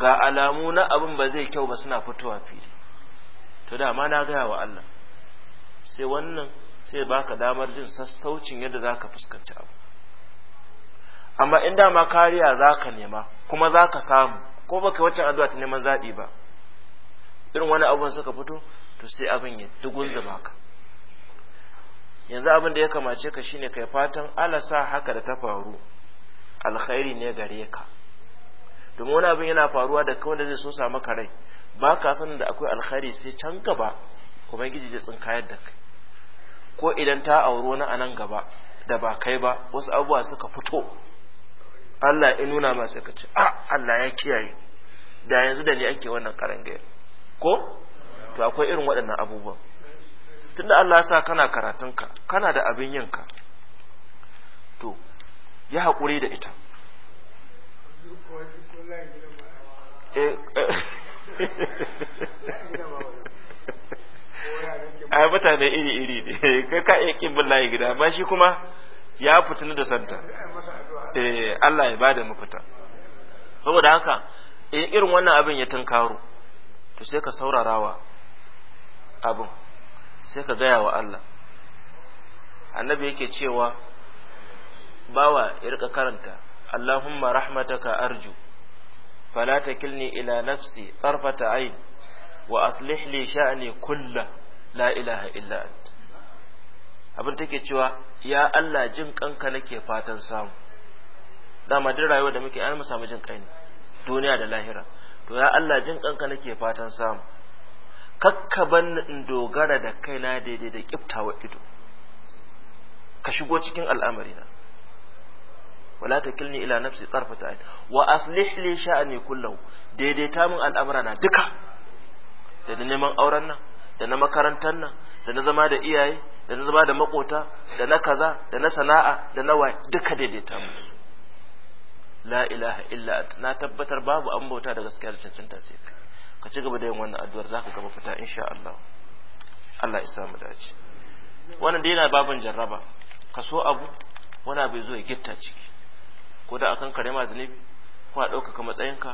ga alamu na abin ba zai kyau ba suna fitowa fili to dama na gaya wa Allah sai wannan sai ka damar jin sassaucin yadda za ka fuskanci abu amma in dama kariya za ka nema kuma za ka samu ko baka waccan addu'a ta neman zaɓi ba irin wani abun suka fito to sai abin ya dugun ka yanzu abin da ya kamace ka shine kai fatan alasa haka da ta faru alkhairi ne gare ka domin wani abin yana faruwa da kawai da zai so sa maka rai ba ka sanin da akwai alkhairi sai can gaba kuma ubangiji zai tsinkayar da kai ko idan ta auro wani a nan gaba da ba kai ba wasu abubuwa suka fito Allah ya nuna ba sai ka ce a ah, Allah ya kiyaye da yanzu da ni ake wannan karangayar ko to akwai irin waɗannan abubuwan tunda Allah ya sa kana karatunka kana da abin yinka to ya haƙuri da ita eh, eh. [LAUGHS] a mutane iri iri ne [LAUGHS] kai ka iya kin bin gida amma shi kuma ya fitina da santa eh Allah ya bada mafita. saboda haka eh irin wannan abin ya tunkaro to sai ka saurarawa abin sai ka gaya wa Allah annabi yake cewa bawa irka karanta Allahumma rahmataka arju fala takilni ila nafsi tarfata ayn wa aslih li sha'ni kulla la ilaha illa ant abin take cewa ya Allah jin kanka nake fatan samu dama duk rayuwar da muke an mu samu jin kai ne duniya da lahira to ya Allah jin kanka nake fatan samu kakkaban in dogara da kaina daidai da wa ido ka shigo cikin al'amarina wala kilni ila nafsi tarfata wa aslih li sha'ni kullahu daidaita min al'amrana duka da na neman auren nan da na makarantar nan da na zama da iyaye da na zama da makota da na kaza da na sana'a da na waye duka daidaita musu la ilaha illa na tabbatar babu an bauta da gaskiya da cancanta sai ka ci gaba da yin wannan addu'ar zaka gaba fita insha Allah Allah ya samu dace wannan dai yana babin jarraba ka so abu wani abu zo ya gitta ciki ko da akan kare ma zanibi ko a ɗaukaka matsayinka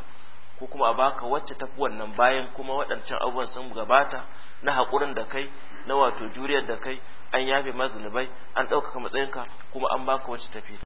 ko kuma a baka wacce tafi wannan bayan kuma waɗancan abubuwan sun gabata na haƙurin da kai na wato juriyar da kai an yafe mazunubai an ɗaukaka matsayinka kuma an baka wacce tafi